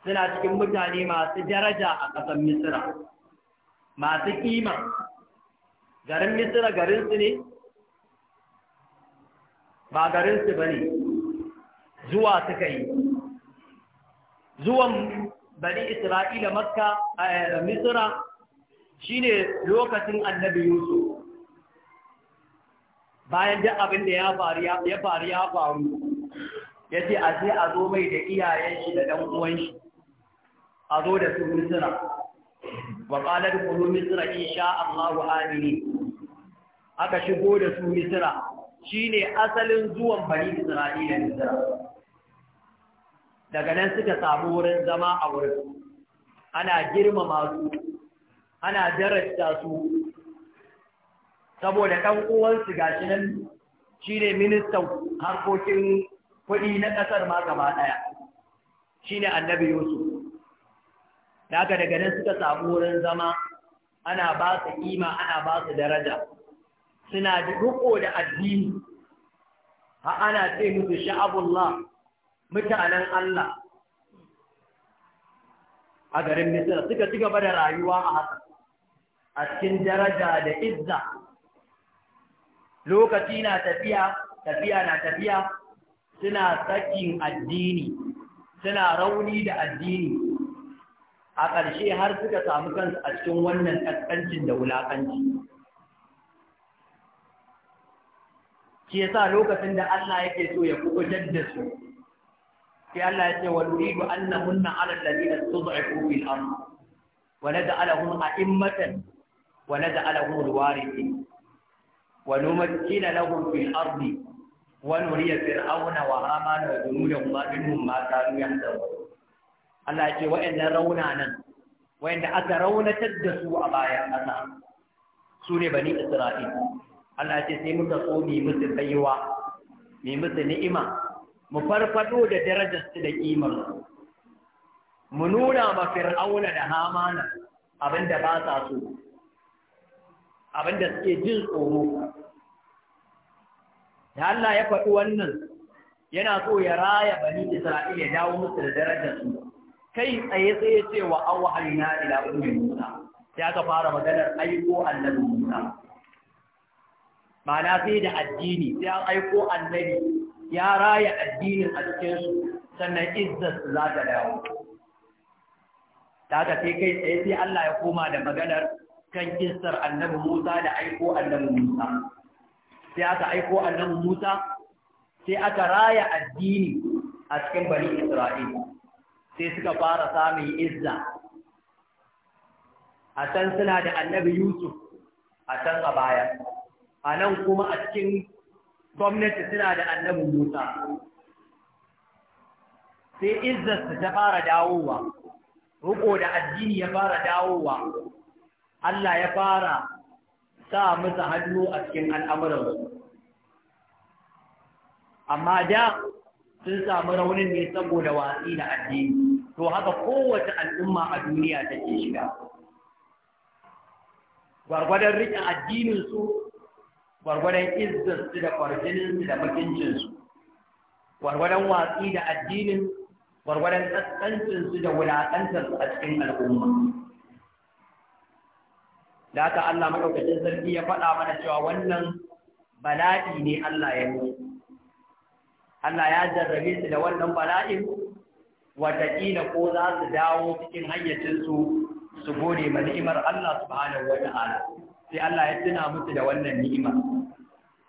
suna cikin mutane masu daraja a ƙasar Misira, masu ƙima. Garin Misira garinsu ne? Ba garinsu ba ne, zuwa suka yi. Zuwan bani Isra'ila Makka a eh, Misira shi ne lokacin annabi Yusuf. Bayan da abin da ya faru ya faru, ya ce a je a zo mai da iyayen shi da ɗan uwan shi. a zo da su misira wa qala dkhulu misra insha Allahu amini aka shigo da su misira shine asalin zuwan bani Isra'ila misira daga nan suka samu wurin zama a wurin ana girmama su ana darasta su saboda ɗan uwansu gashi nan shi ne ministan harkokin kuɗi na ƙasar ma gaba ɗaya shine annabi yusuf da aka daga nan suka samu wurin zama ana ba su kima ana ba su daraja suna da riko da addini ha ana ce musu sha'abullah mutanen Allah a garin Misira suka ci gaba da rayuwa a haka a cikin daraja da izza lokaci na tafiya tafiya na tafiya suna sakin addini suna rauni da addini a ƙarshe har suka samu kansu a cikin wannan ƙasƙancin da wulaƙanci Ke sa lokacin da Allah yake so ya kubutar da su sai Allah ya ce wa nuridu annahunna ala alladhina stud'ifu fil ard wa naj'alahum a'immatan wa naj'alahum alwarithin wa numakkina lahum fil wani wa ya fir'auna wa hamana wa junudahum minhum ma kanu yahdharun Allah ya ce wa'annan nan wanda aka raunatar da su a bayan ƙasa su ne bani Isra'il Allah ya ce sai muka so mu musu baiwa mu musu ni'ima mu farfado da darajar su da kimar mu nuna ma fir'auna da Haman abinda ba sa so abinda suke jin tsoro da Allah ya faɗi wannan yana so ya raya bani isra'il ya dawo musu da darajar su kai tsaye tsaye ya ce wa auhayna ila ummi Musa ya ka fara maganar aiko annabi Musa ma'ana sai da addini sai an aiko annabi ya raya addinin a cikin sannan izzat za ta dawo ta ka sai kai tsaye sai Allah ya koma da maganar kan kissar annabi Musa da aiko annabi Musa sai aka aiko annabi Musa sai aka raya addini a cikin bani Isra'ila sai suka fara samun izza a can suna da annabi yusuf a can a baya a nan kuma a cikin gwamnati suna da annabi musa sai izzarsu ta fara dawowa riko da addini ya fara dawowa Allah ya fara sa musu hannu a cikin al'amuransu amma da sun samu raunin ne saboda watsi da addini to haka kowace al'umma a duniya take shiga gwargwadon riƙe addininsu gwargwadon izzarsu da kwarjininsu da mutuncinsu gwargwadon watsi da addinin gwargwadon ƙasƙancinsu da wulaƙantarsu a cikin al'umma da haka Allah maɗaukacin sarki ya faɗa mana cewa wannan bala'i ne Allah ya yi Allah ya jarrabe su da wannan bala'in wataƙila ko za su dawo cikin hayyacinsu su gode ma ni'imar Allah subhanahu wa ta'ala sai Allah ya tuna musu da wannan ni'ima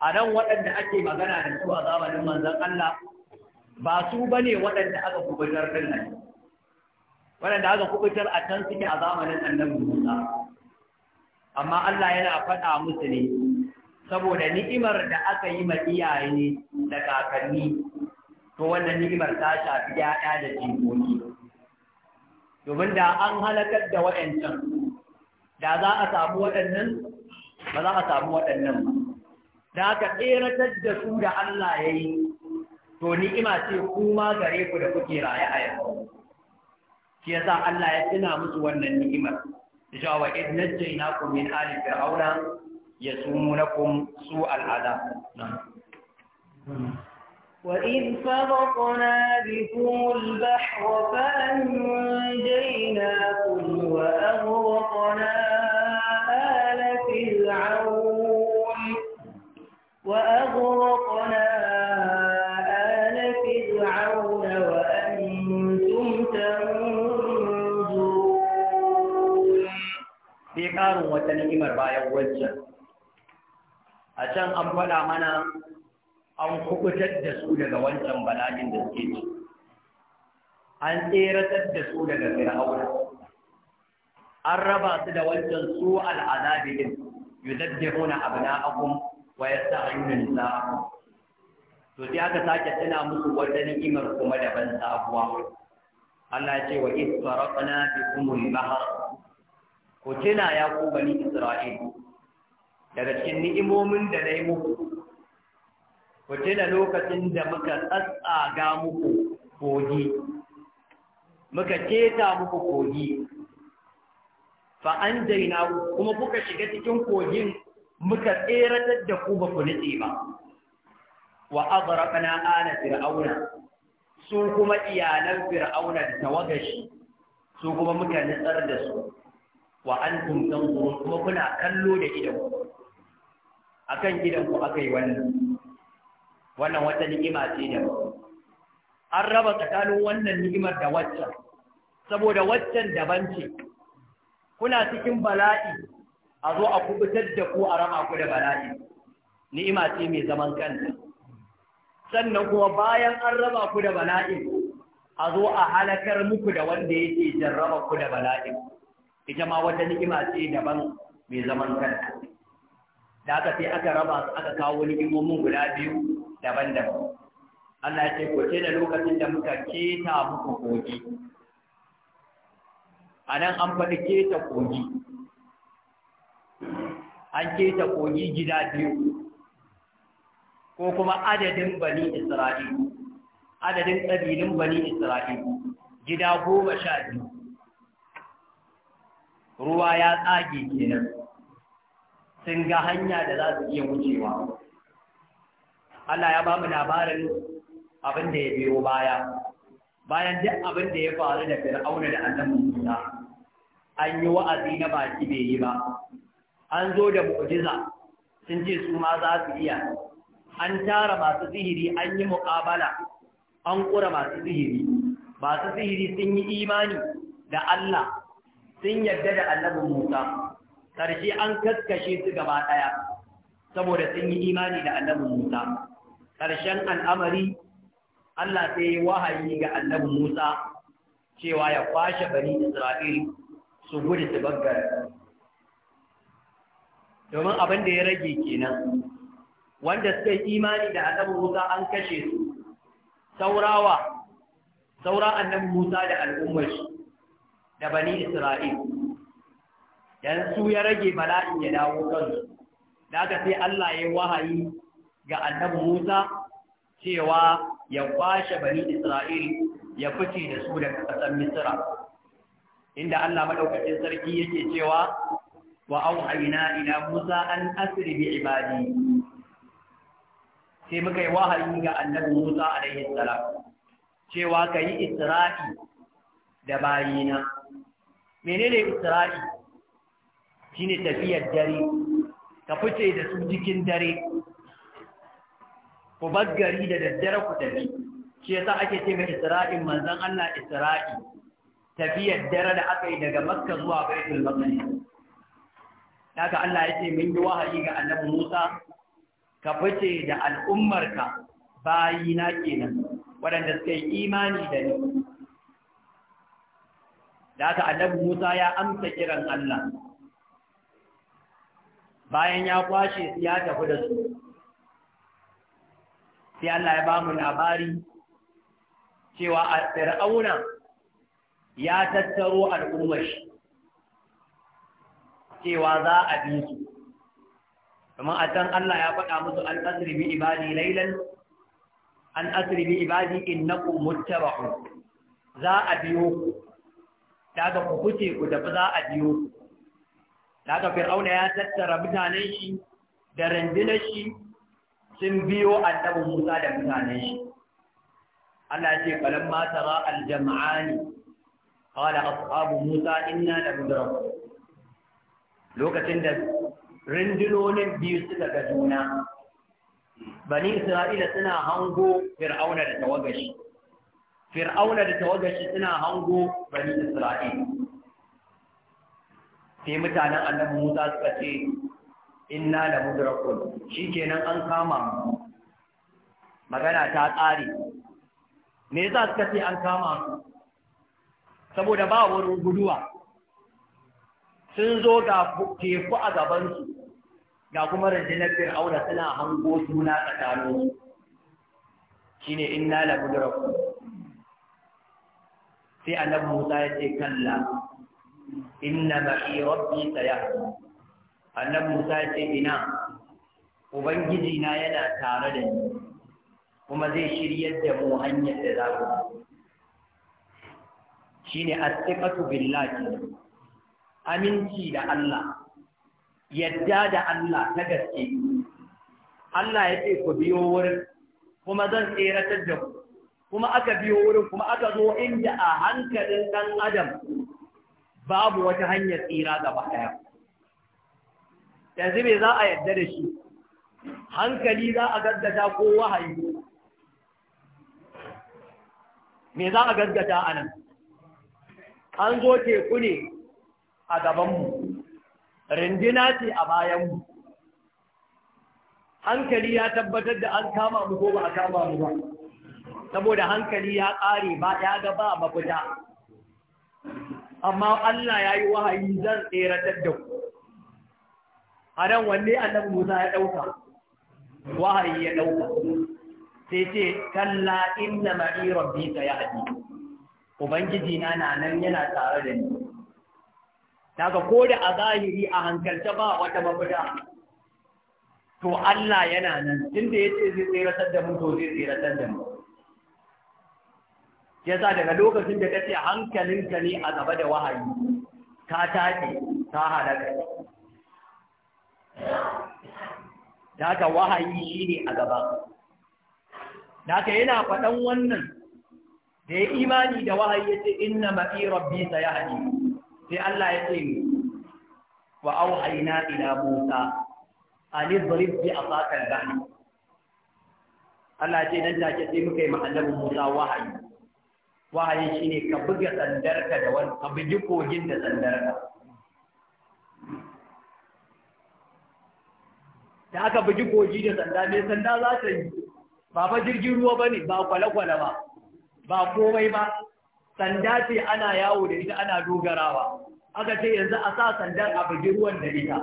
a nan waɗanda ake magana da su a zamanin manzon Allah ba su ba ne waɗanda aka kubutar din nan waɗanda aka kubutar a can suke a zamanin annabi Musa amma Allah yana faɗa musu ne saboda ni'imar da aka yi ma iyaye da kakanni to wannan ni'imar ta shafi ya'ya da jikoki domin da an halakar da waɗancan da za a samu waɗannan ba za a samu waɗannan ba da aka tseratar da su da Allah ya yi to ni'ima ce kuma gare ku da kuke raye a yau shi yasa Allah ya tuna musu wannan ni'imar da shawa na najjaynakum min ali fir'auna يسومونكم سوء العذاب نعم وإذ فرقنا بكم البحر فأنجيناكم وأغرقنا آل فرعون وأغرقنا آل فرعون وأنتم تنظرون في قارون وتنعمر بايا وجه a can an faɗa mana an kubutar da su daga wancan bala'in da suke ci an tseratar da su daga fir'auna an raba su da wancan su al'adabin yudabbiruna abna'akum wa yasta'inuna nisa'akum to sai aka sake tana musu wata ni'imar kuma daban sabuwa Allah ya ce wa iz faraqna bikumul bahr ku tana ya ku bani isra'il daga cikin ni'imomin da na yi muku ku tuna lokacin da muka tsatsaga muku kogi muka keta muku kogi fa'an daina kuma kuka shiga cikin kogin muka tseratar da ku ba ku nitse ba wa abaraka na ana fir'auna su kuma iyalan fir'auna da tawagashi su kuma muka nutsar da su wa kuma kuna kallo da idan akan gidan ku aka yi wannan wannan wata ni'ima ce da an raba tsakanin wannan ni'imar da waccan saboda waccan daban ce kuna cikin bala'i a zo a kubutar da ku a rama ku da bala'i ni'ima ce mai zaman kanta sannan kuma bayan an raba ku da bala'i a zo a halakar muku da wanda yake jarraba ku da bala'i ita ma wata ni'ima ce daban mai zaman kanta da aka sai aka raba su aka kawo imomin guda biyu daban-daban Allah ya ce ko ce da lokacin da muka keta muku kogi a nan an faɗi keta kogi an keta kogi gida biyu ko kuma adadin bani Isra’il. adadin ƙabilun bani Isra’il. gida goma sha biyu ruwa ya tsage kenan sun ga hanya da za su iya wucewa Allah ya ba mu labarin abin da ya biyo baya bayan duk abin da ya faru da fir'auna da annabi Musa an yi wa'azi na baki bai yi ba an zo da mu'jiza sun ce su ma za su iya an tara masu sihiri an yi muƙabala an ƙura masu sihiri masu sihiri sun yi imani da Allah sun yarda da annabin Musa ƙarshe an kaskashe su gaba ɗaya saboda sun yi imani da annabin Musa ƙarshen al'amari Allah sai ya wahayi ga annabin Musa cewa ya kwashe bani Isra'il su gudu su bangare domin abin da ya rage kenan wanda suka yi imani da annabin Musa an kashe su saurawa saura annabin Musa da al'ummar shi da bani Isra'il dan su ya rage bala'in ya dawo kansu da aka sai Allah ya wahayi ga annabi Musa cewa ya kwashe bani Isra'il ya fice da su daga ƙasar Misra inda Allah madaukakin sarki yake cewa wa auhayna ila Musa an asri bi ibadi sai muka yi wahayi ga annabi Musa alaihi salam cewa kai Isra'i da bayina menene Isra'i ne tafiyar dare ka fice da su cikin dare ku baggari da daddare ku tafi shi yasa ake ce mai isra'in manzon Allah isra'i tafiyar dare da aka yi daga makka zuwa baitul maqdis haka Allah ya ce yi wahayi ga annabi Musa ka fice da al'ummarka bayina kenan waɗanda suka yi imani da ni da haka annabi Musa ya amsa kiran Allah bayan ya kwashe su ya tafi da su sai Allah ya ba mu labari cewa a fir'auna ya tattaro al'ummar shi cewa za a bi su kuma a can Allah ya faɗa musu an asiri bi ibadi lailan an asiri bi ibadi innakum muttaba'un za a biyo ku daga ku kuce ku tafi za a biyo ku da aka fir'auna ya tattara mutanen shi da rundunar shi sun biyo annabi Musa da mutanen shi Allah ce falan ma tara aljam'ani qala ashabu Musa inna la mudrakun lokacin da rundunonin biyu suka ga juna bani Isra'ila suna hango fir'auna da tawagashi fir'auna da tawagashi suna hango bani Isra'ila sai mutanen annabi Musa suka ce inna la mudrakun shikenan an kama magana ta tsare me yasa suka ce an kama saboda ba wurin guduwa sun zo ga teku a gabansu ga kuma rundunar fir'auna suna hango suna tsakanin shine inna la mudrakun sai annabi Musa ya ce kalla inna fi rabbi sayahdi annabi Musa ya ce ina ubangiji na yana tare da ni kuma zai shiryar da mu hanyar da za mu shine as-sifatu billahi aminci da Allah yadda da Allah ta gaske Allah ya ce ku biyo wurin kuma zan tseratar da ku kuma aka biyo wurin kuma aka zo inda a hankalin ɗan adam babu wata hanyar tsira gaba ɗaya yanzu me za a yadda da shi hankali za a gaggata ko wahayi me za a gaggata a nan an zo teku ne a gabanmu rindina ce a bayanmu hankali ya tabbatar da an kama mu ko ba a kama mu ba saboda hankali ya ƙare ba ya ga ba mafita amma Allah ya yi wahayi zan tseratar da ku a nan wanne annabi Musa ya ɗauka wahayi ya ɗauka sai ce kalla inna ma'i rabbi ka ya haɗi ubangiji na nanan nan yana tare da ni daga ko da a zahiri a hankalta ba wata mafuta, to Allah yana nan tunda yace zai tseratar da mu to zai tseratar da mu ya sa daga lokacin da kace hankalinka ne a gaba da wahayi ka tashi ka halaka daga wahayi shi ne a gaba daga yana faɗan wannan da ya imani da wahayi ya ce inna mafi rabbi sa ya haɗi sai Allah ya ce wa auhaina ila musa alidrib bi asakal bahr Allah ya ce nan take sai muka yi ma annabi Musa wahayi wahayi shine ka buga sandarka da wani ka bugi kogin da sandarka da aka bugi kogi da sanda mai sanda za ta yi ba fa jirgin ruwa ba ne ba kwale-kwale ba ba komai ba sanda ce ana yawo da ita ana dogarawa aka ce yanzu a sa sandan a bugi ruwan da ita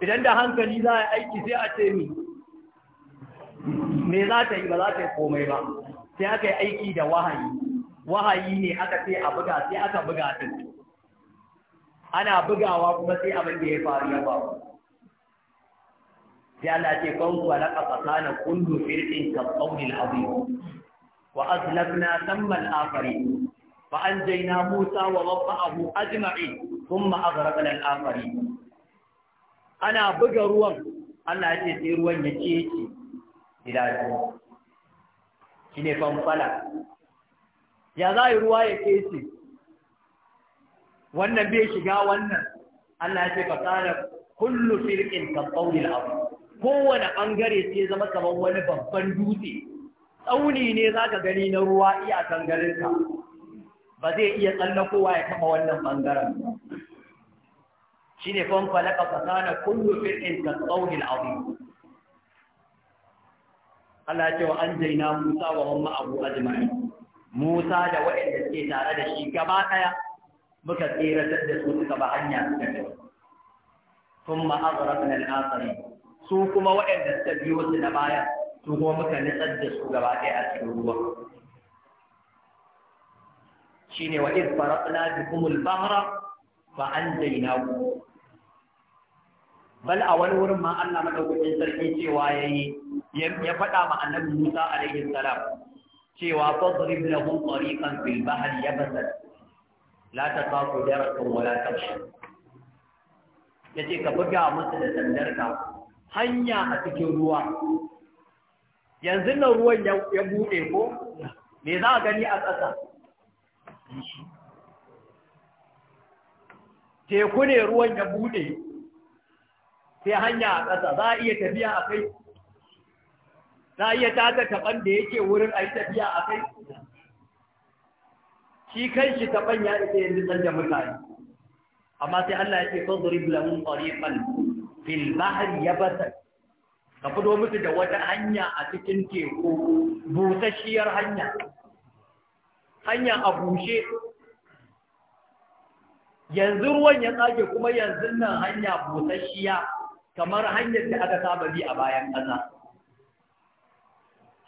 idan da hankali za a aiki sai a ce ni. me za ta yi ba za ta yi komai ba sai aka yi aiki da wahayi wahayi ne aka sai a buga sai aka buga din ana bugawa kuma sai abin da ya faru ya faru sai Allah ce kun wa laqa tsakana kullu firqin kasawil azim wa azlafna thamma al akhari fa anjayna Musa wa rabba'ahu ajma'in thumma aghraqna al akhari ana buga ruwan Allah ya ce sai ruwan ya ce ce ila shine fanfala ya za yi ruwa ya kece wannan bai shiga wannan Allah ya ce fa kana kullu firqin ka abu kowane bangare sai zama kamar wani babban dutse tsauni ne zaka gani na ruwa iya tangarinka ba zai iya tsallakowa ya kama wannan bangaren shine fanfala ka fa kana kullu firqin ka abu Allah ya ce wa anjayna Musa wa man ma'ahu ajma'in Musa da waɗanda suke tare da shi gaba ɗaya muka tsira da su suka ba hanya suka tafi. thumma aghraqna al su kuma waɗanda suka biyo su da baya su kuma muka nutsar da su gaba ɗaya a cikin ruwa Shi ne wa iz faraqna bikum al-bahra fa ku. bal a wani wurin ma Allah madaukakin sarki cewa yayi ya faɗa ma annabi Musa alaihi salam cewa fadrib lahum tariqan fil bahr yabasa la taqafu darakan wa la tabsha yace ka buga musu da sandarka hanya a cikin ruwa yanzu nan ruwan ya bude ko me za a gani a ƙasa teku ne ruwan ya bude sai hanya a ƙasa za a iya tafiya a kai za a iya tata taɓan da yake wurin a yi tafiya a kai shi kan shi taɓan ya isa yanzu san da mutane amma sai Allah ya ce fadrib lahum tariqan fil ya yabasa ka fito musu da wata hanya a cikin teku busasshiyar hanya hanya a bushe yanzu ruwan ya tsage kuma yanzu nan hanya busasshiya kamar hanyar da aka saba bi a bayan ƙasa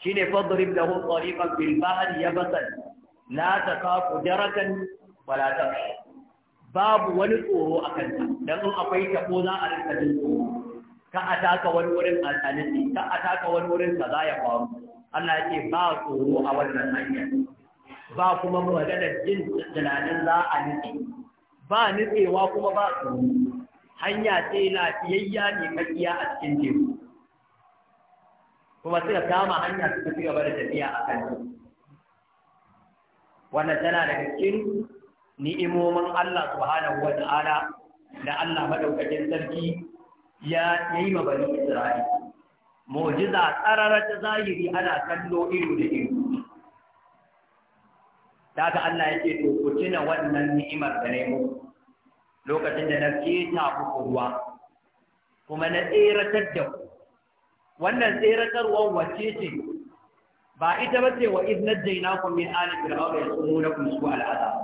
shine fadrib lahu tariqan bil bahr yabasan la takafu jarakan wala taqsha babu wani tsoro a kanta dan in akwai tabo za a rinka jin tsoro ka ataka wani wurin alƙalin ka ataka wani wurin kaza ya faru Allah yake ba tsoro a wannan hanya ba kuma maganar jin tunanin za a nitse ba nitsewa kuma ba tsoro hanya ce lafiyayya ne makiya a cikin teku kuma suka kama hanya suka ci gaba da tafiya a kan wannan tana daga cikin ni'imomin Allah subhanahu wa ta'ala da Allah madaukakin sarki ya yi ma bani Isra'ila mu'jiza tsarara ta zahiri ana kallo ido da ido daga Allah yake to ku tuna wannan ni'imar da ne muku lokacin da na keta muku ruwa kuma na tseratar da ku wannan tseratarwar wace ce ba ita ba ce wa iznar jaina ku min ali fir'auna ya sumu na kun su al'azab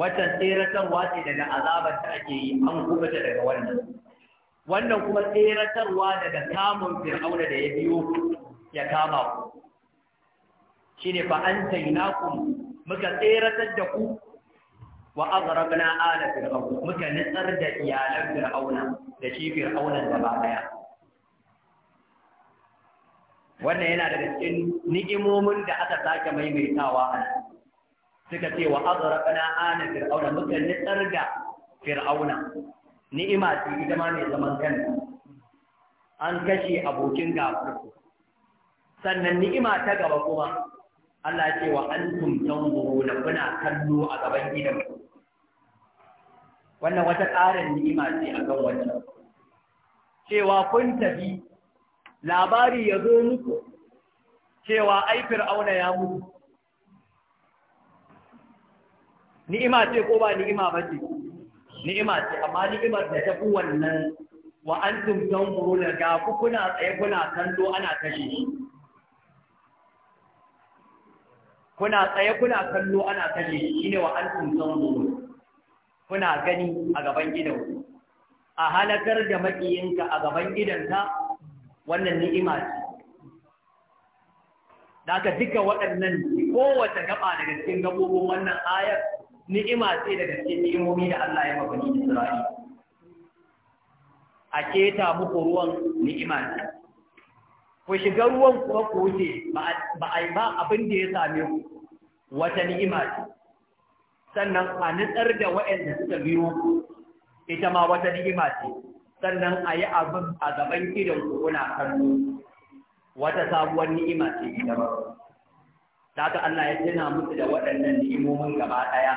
wannan tseratarwa ce daga azabar da ake yi an kubuta daga wannan wannan kuma tseratarwa daga samun fir'auna da ya biyo ya kama ku shine fa an jaina ku muka tseratar da ku wa aghraqna ala fir'aun muka nitsar da iyalan fir'auna da shi fir'aunan gaba daya wannan yana daga cikin ni'imomin da aka sake maimaitawa a suka ce wa aghraqna ala fir'auna muka nitsar da fir'auna ni'ima ce ita ma mai zaman kanta an kashe abokin gafarku sannan ni'ima ta gaba kuma Allah ce wa antum tanzuruna kuna kallo a gaban gidanku wannan wata ƙarin ni'ima ce a kan wancan cewa kun tafi labari ya zo muku cewa ai fir'auna ya mutu ni'ima ce ko ba ni'ima ba ce ni'ima ce amma ni'imar da ta fi wannan wa an tumtan da ga ku kuna tsaye kuna kallo ana kashe shi kuna tsaye kuna kallo ana kashe shi ne wa an tumtan kuna gani a gaban gidan a halakar da maƙiyinka a gaban gidanka wannan ni'ima ce daga duka waɗannan kowace gaba daga cikin gabobin wannan ayar ni'ima ce daga cikin ni'imomi da Allah ya maka ni Isra'ila a keta muku ruwan ni'ima ce ku shiga ruwan kuma ku wuce ba a yi ba abin da ya same ku wata ni'ima ce sannan a nutsar da waɗanda suka biyo ita ma wata ni'ima ce sannan a yi abin a gaban gidan kuna kallo wata sabuwar ni'ima ce ita ba ka Allah ya tuna musu da waɗannan ni'imomin gaba ɗaya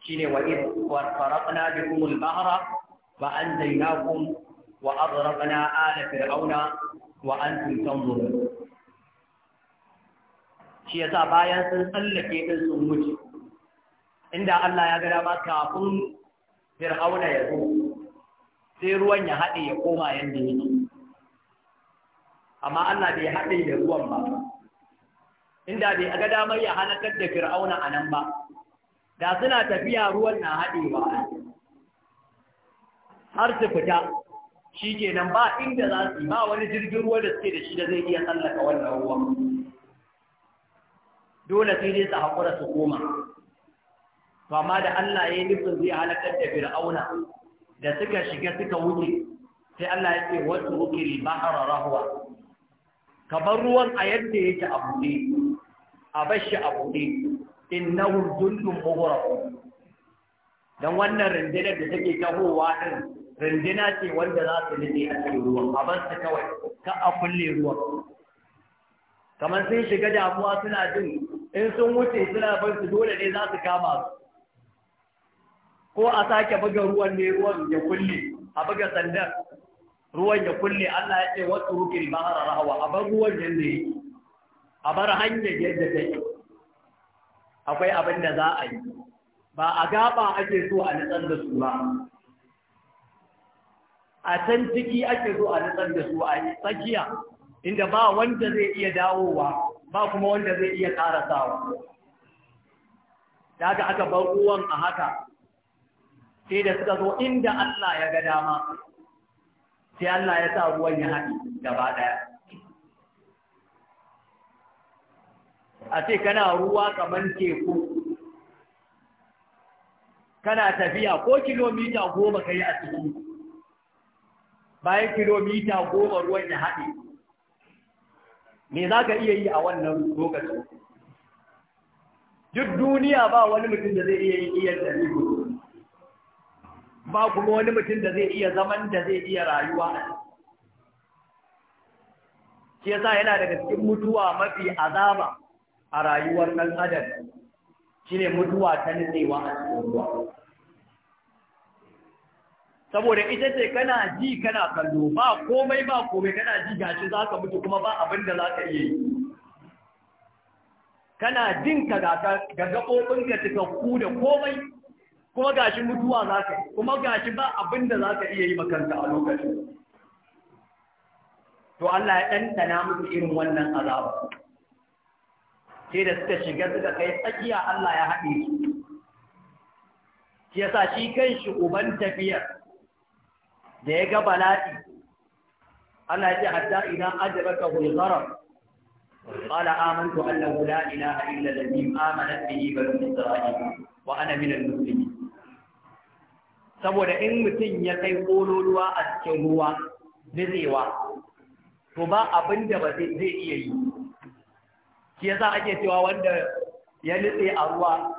Shi ne wa id farqna bikum al-bahra wa anjaynakum wa aghraqna ala fir'auna wa antum tanzurun shi yasa bayan sun tsallake din sun mutu. inda Allah ya ga ba kafin fir'auna ya zo sai ruwan ya haɗe ya koma yadda yake amma Allah bai haɗe da ruwan ba inda bai gada damar ya halakar da fir'auna a nan ba da suna tafiya ruwan na haɗe ba. har su fita shi kenan ba inda za su ba wani jirgin ruwa da suke da shi da zai iya tsallaka wannan ruwan dole sai dai su haƙura su koma to amma da Allah ya yi nufin zai halakar da fir'auna da suka shiga suka wuce sai Allah ya ce wasu wukil a rahwa ka bar ruwan a yadda yake a buɗe a bashi a buɗe innahum jundun mughraq dan wannan rundunar da take tahowa din rindina ce wanda za su nufi a cikin ruwan a bar su kawai ka a kulle ruwan kamar sun shiga damuwa suna jin in sun wuce suna bar su dole ne za su kama su ko a sake buga ruwan ne ruwan ya kulle a buga sandan ruwan ya kulle Allah ya ce wasu rukin bahara rahawa a bar ruwan yadda ne a bar hanyar yadda take akwai abin da za a yi ba a gaba ake so a nutsar da su ba a can ciki ake so a nutsar da su a tsakiya inda ba wanda zai iya dawowa ba kuma wanda zai iya karasawa da aka bar ruwan a haka sai da suka zo inda Allah ya ga dama sai Allah ya sa ruwan ya haɗi gaba ɗaya a ce kana ruwa kamar teku kana tafiya ko kilomita goma ka yi a ciki bayan kilomita goma ruwan ya haɗe me za ka iya yi a wannan lokacin duk duniya ba wani mutum da zai iya yi iya da ba kuma wani mutum da zai iya zaman da zai iya rayuwa ke sa yana daga cikin mutuwa mafi azaba a rayuwar nan adam shine mutuwa ta nitsewa a cikin ruwa saboda ita ce kana ji kana kallo ba komai ba komai kana ji gashi za ka mutu kuma ba abin da za ka iya yi kana jin ka ga gaɓoɓinka cikakku da komai kuma ga shi mutuwa za ka yi. kuma ga shi ba abin da za ka iya yi makanta a lokacin to Allah ya ɗantana musu irin wannan azaba sai da suka shiga suka kai tsakiya Allah ya haɗe su shi yasa shi kan shi uban tafiyar da ya ga bala'i Allah ya ce hatta idan ajabaka hulgharar قال آمنت أنه لا إله إلا الذي آمنت به بنو إسرائيل وأنا من المسلمين saboda in mutum ya kai kololuwa a cikin ruwa nitsewa to ba abin da ba zai iya yi shi yasa ake cewa wanda ya nitse a ruwa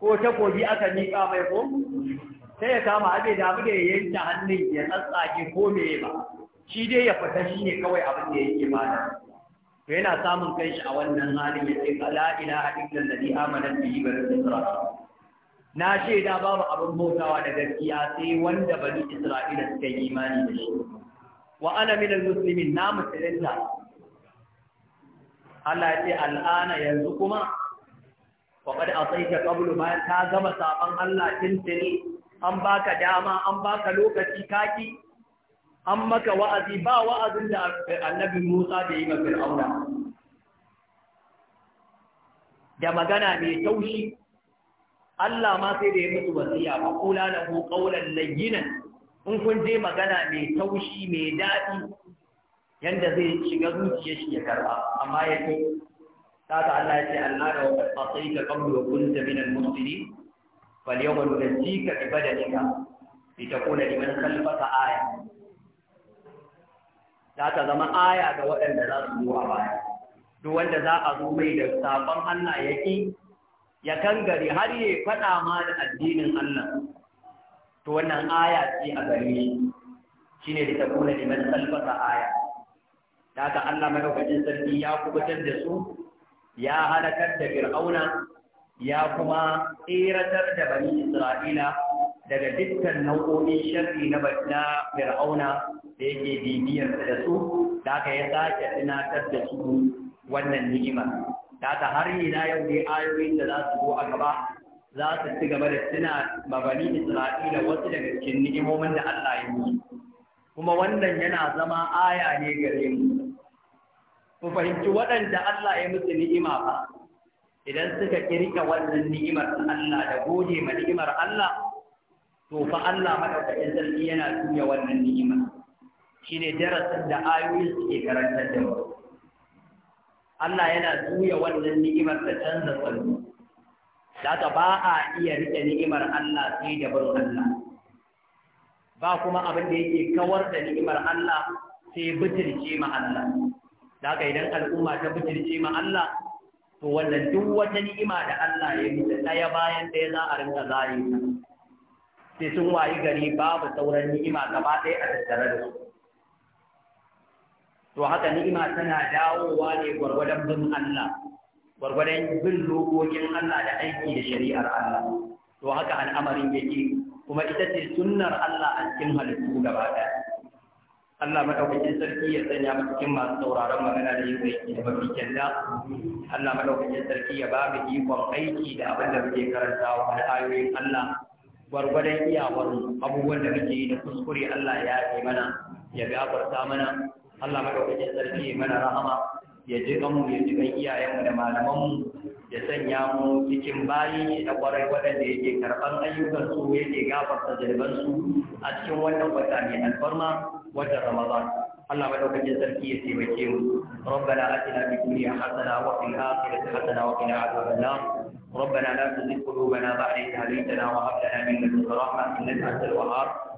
ko ta kogi aka miƙa mai ko sai ya kama abin da abin da ya yanke hannun ya tsatsage ko me ba shi dai ya fita shi ne kawai abin da yi imana to yana samun kanshi a wannan halin ya ce hadin ilaha illallah amana bari da tsara na da babu abin bautawa da gaskiya sai wanda bani Isra'ila suka yi imani da shi wa ana min almuslimin na musulunta Allah ce al'ana yanzu kuma faqad asaita qablu ma ta gama saban Allah tintini an baka dama an baka lokaci kaki an maka wa'azi ba wa'azin da annabi Musa da yi maka Fir'auna da magana mai taushi Allah ma sai da ya mutu wasiya kula qula ko qawlan layyinan in kun je magana mai taushi mai daɗi yanda zai shiga zuciyar shi ya karba amma ya ce kaga Allah ya ce Allah da wa qasayka qablu wa kunta min al ka ɗiba da nunjika bi badanika litakuna liman khalfaka aya za ta zama aya ga waɗanda za su zo a baya duk wanda za a zo mai da sabon Allah ya ki ya gari har ya faɗa ma da addinin Allah to wannan aya ce a gari shi ne da ta kuna liman aya da ka Allah lokacin sarki ya kubutar da su ya halakar da fir'auna ya kuma tseratar da bani isra'ila daga dukkan nau'o'in sharri na fir'auna da yake bibiyar da su da haka ya sake tunatar da su wannan ni'imar ta ta har na yau ne ayoyin da za su zo a gaba za su ci gaba da suna babani Isra'ila wasu daga cikin ni'imomin da Allah ya yi kuma wannan yana zama aya ne gare mu ku fahimci waɗanda Allah ya musu ni'ima ba idan suka kirka wannan ni'imar Allah da gode ma ni'imar Allah to fa Allah madaukakin sarki yana tuya wannan ni'ima shine darasin da ayoyin suke karantar da mu Allah yana juya wannan ni'imar da canza salo da ta ba a iya rike ni'imar Allah sai da bin Allah ba kuma abin da yake kawar da ni'imar Allah sai bitirce ma Allah da ka idan al'umma ta bitirce ma Allah to wannan duk wata ni'ima da Allah ya yi ɗaya bayan ɗaya za a rinka zare sai sun wayi gari babu sauran ni'ima gaba ɗaya a tattare da su to haka ni'ima tana dawowa ne gwargwadon bin Allah gwargwadon bin dokokin Allah da aiki da shari'ar Allah to haka al'amarin yake kuma ita ce sunnar Allah a cikin halittu gaba ɗaya Allah madaukakin sarki ya sanya mu cikin masu sauraron magana da yin aiki da mafi kyanda Allah madaukakin sarki ya ba mu ikon aiki da abin da muke karantawa da ayoyin Allah gwargwadon iyawar abubuwan da muke yi da kuskure Allah ya yi mana ya gafarta mana Allah madaukakin sarki mana rahama ya ji mu ya ji kan iyayenmu da malamanmu ya sanya mu cikin bayi da kwarai waɗanda yake karɓar ayyukan ayyukansu yake gafarta su a cikin wannan wata mai alfarma watan Ramadan. Allah madaukakin sarki ya taimake mu. Rabbana atina fid dunya hasana wa fil akhirati hasana wa qina adhaban nar. ربنا لا تزغ قلوبنا بعد إذ هديتنا وهب لنا من لدنك رحمة إنك أنت الوهاب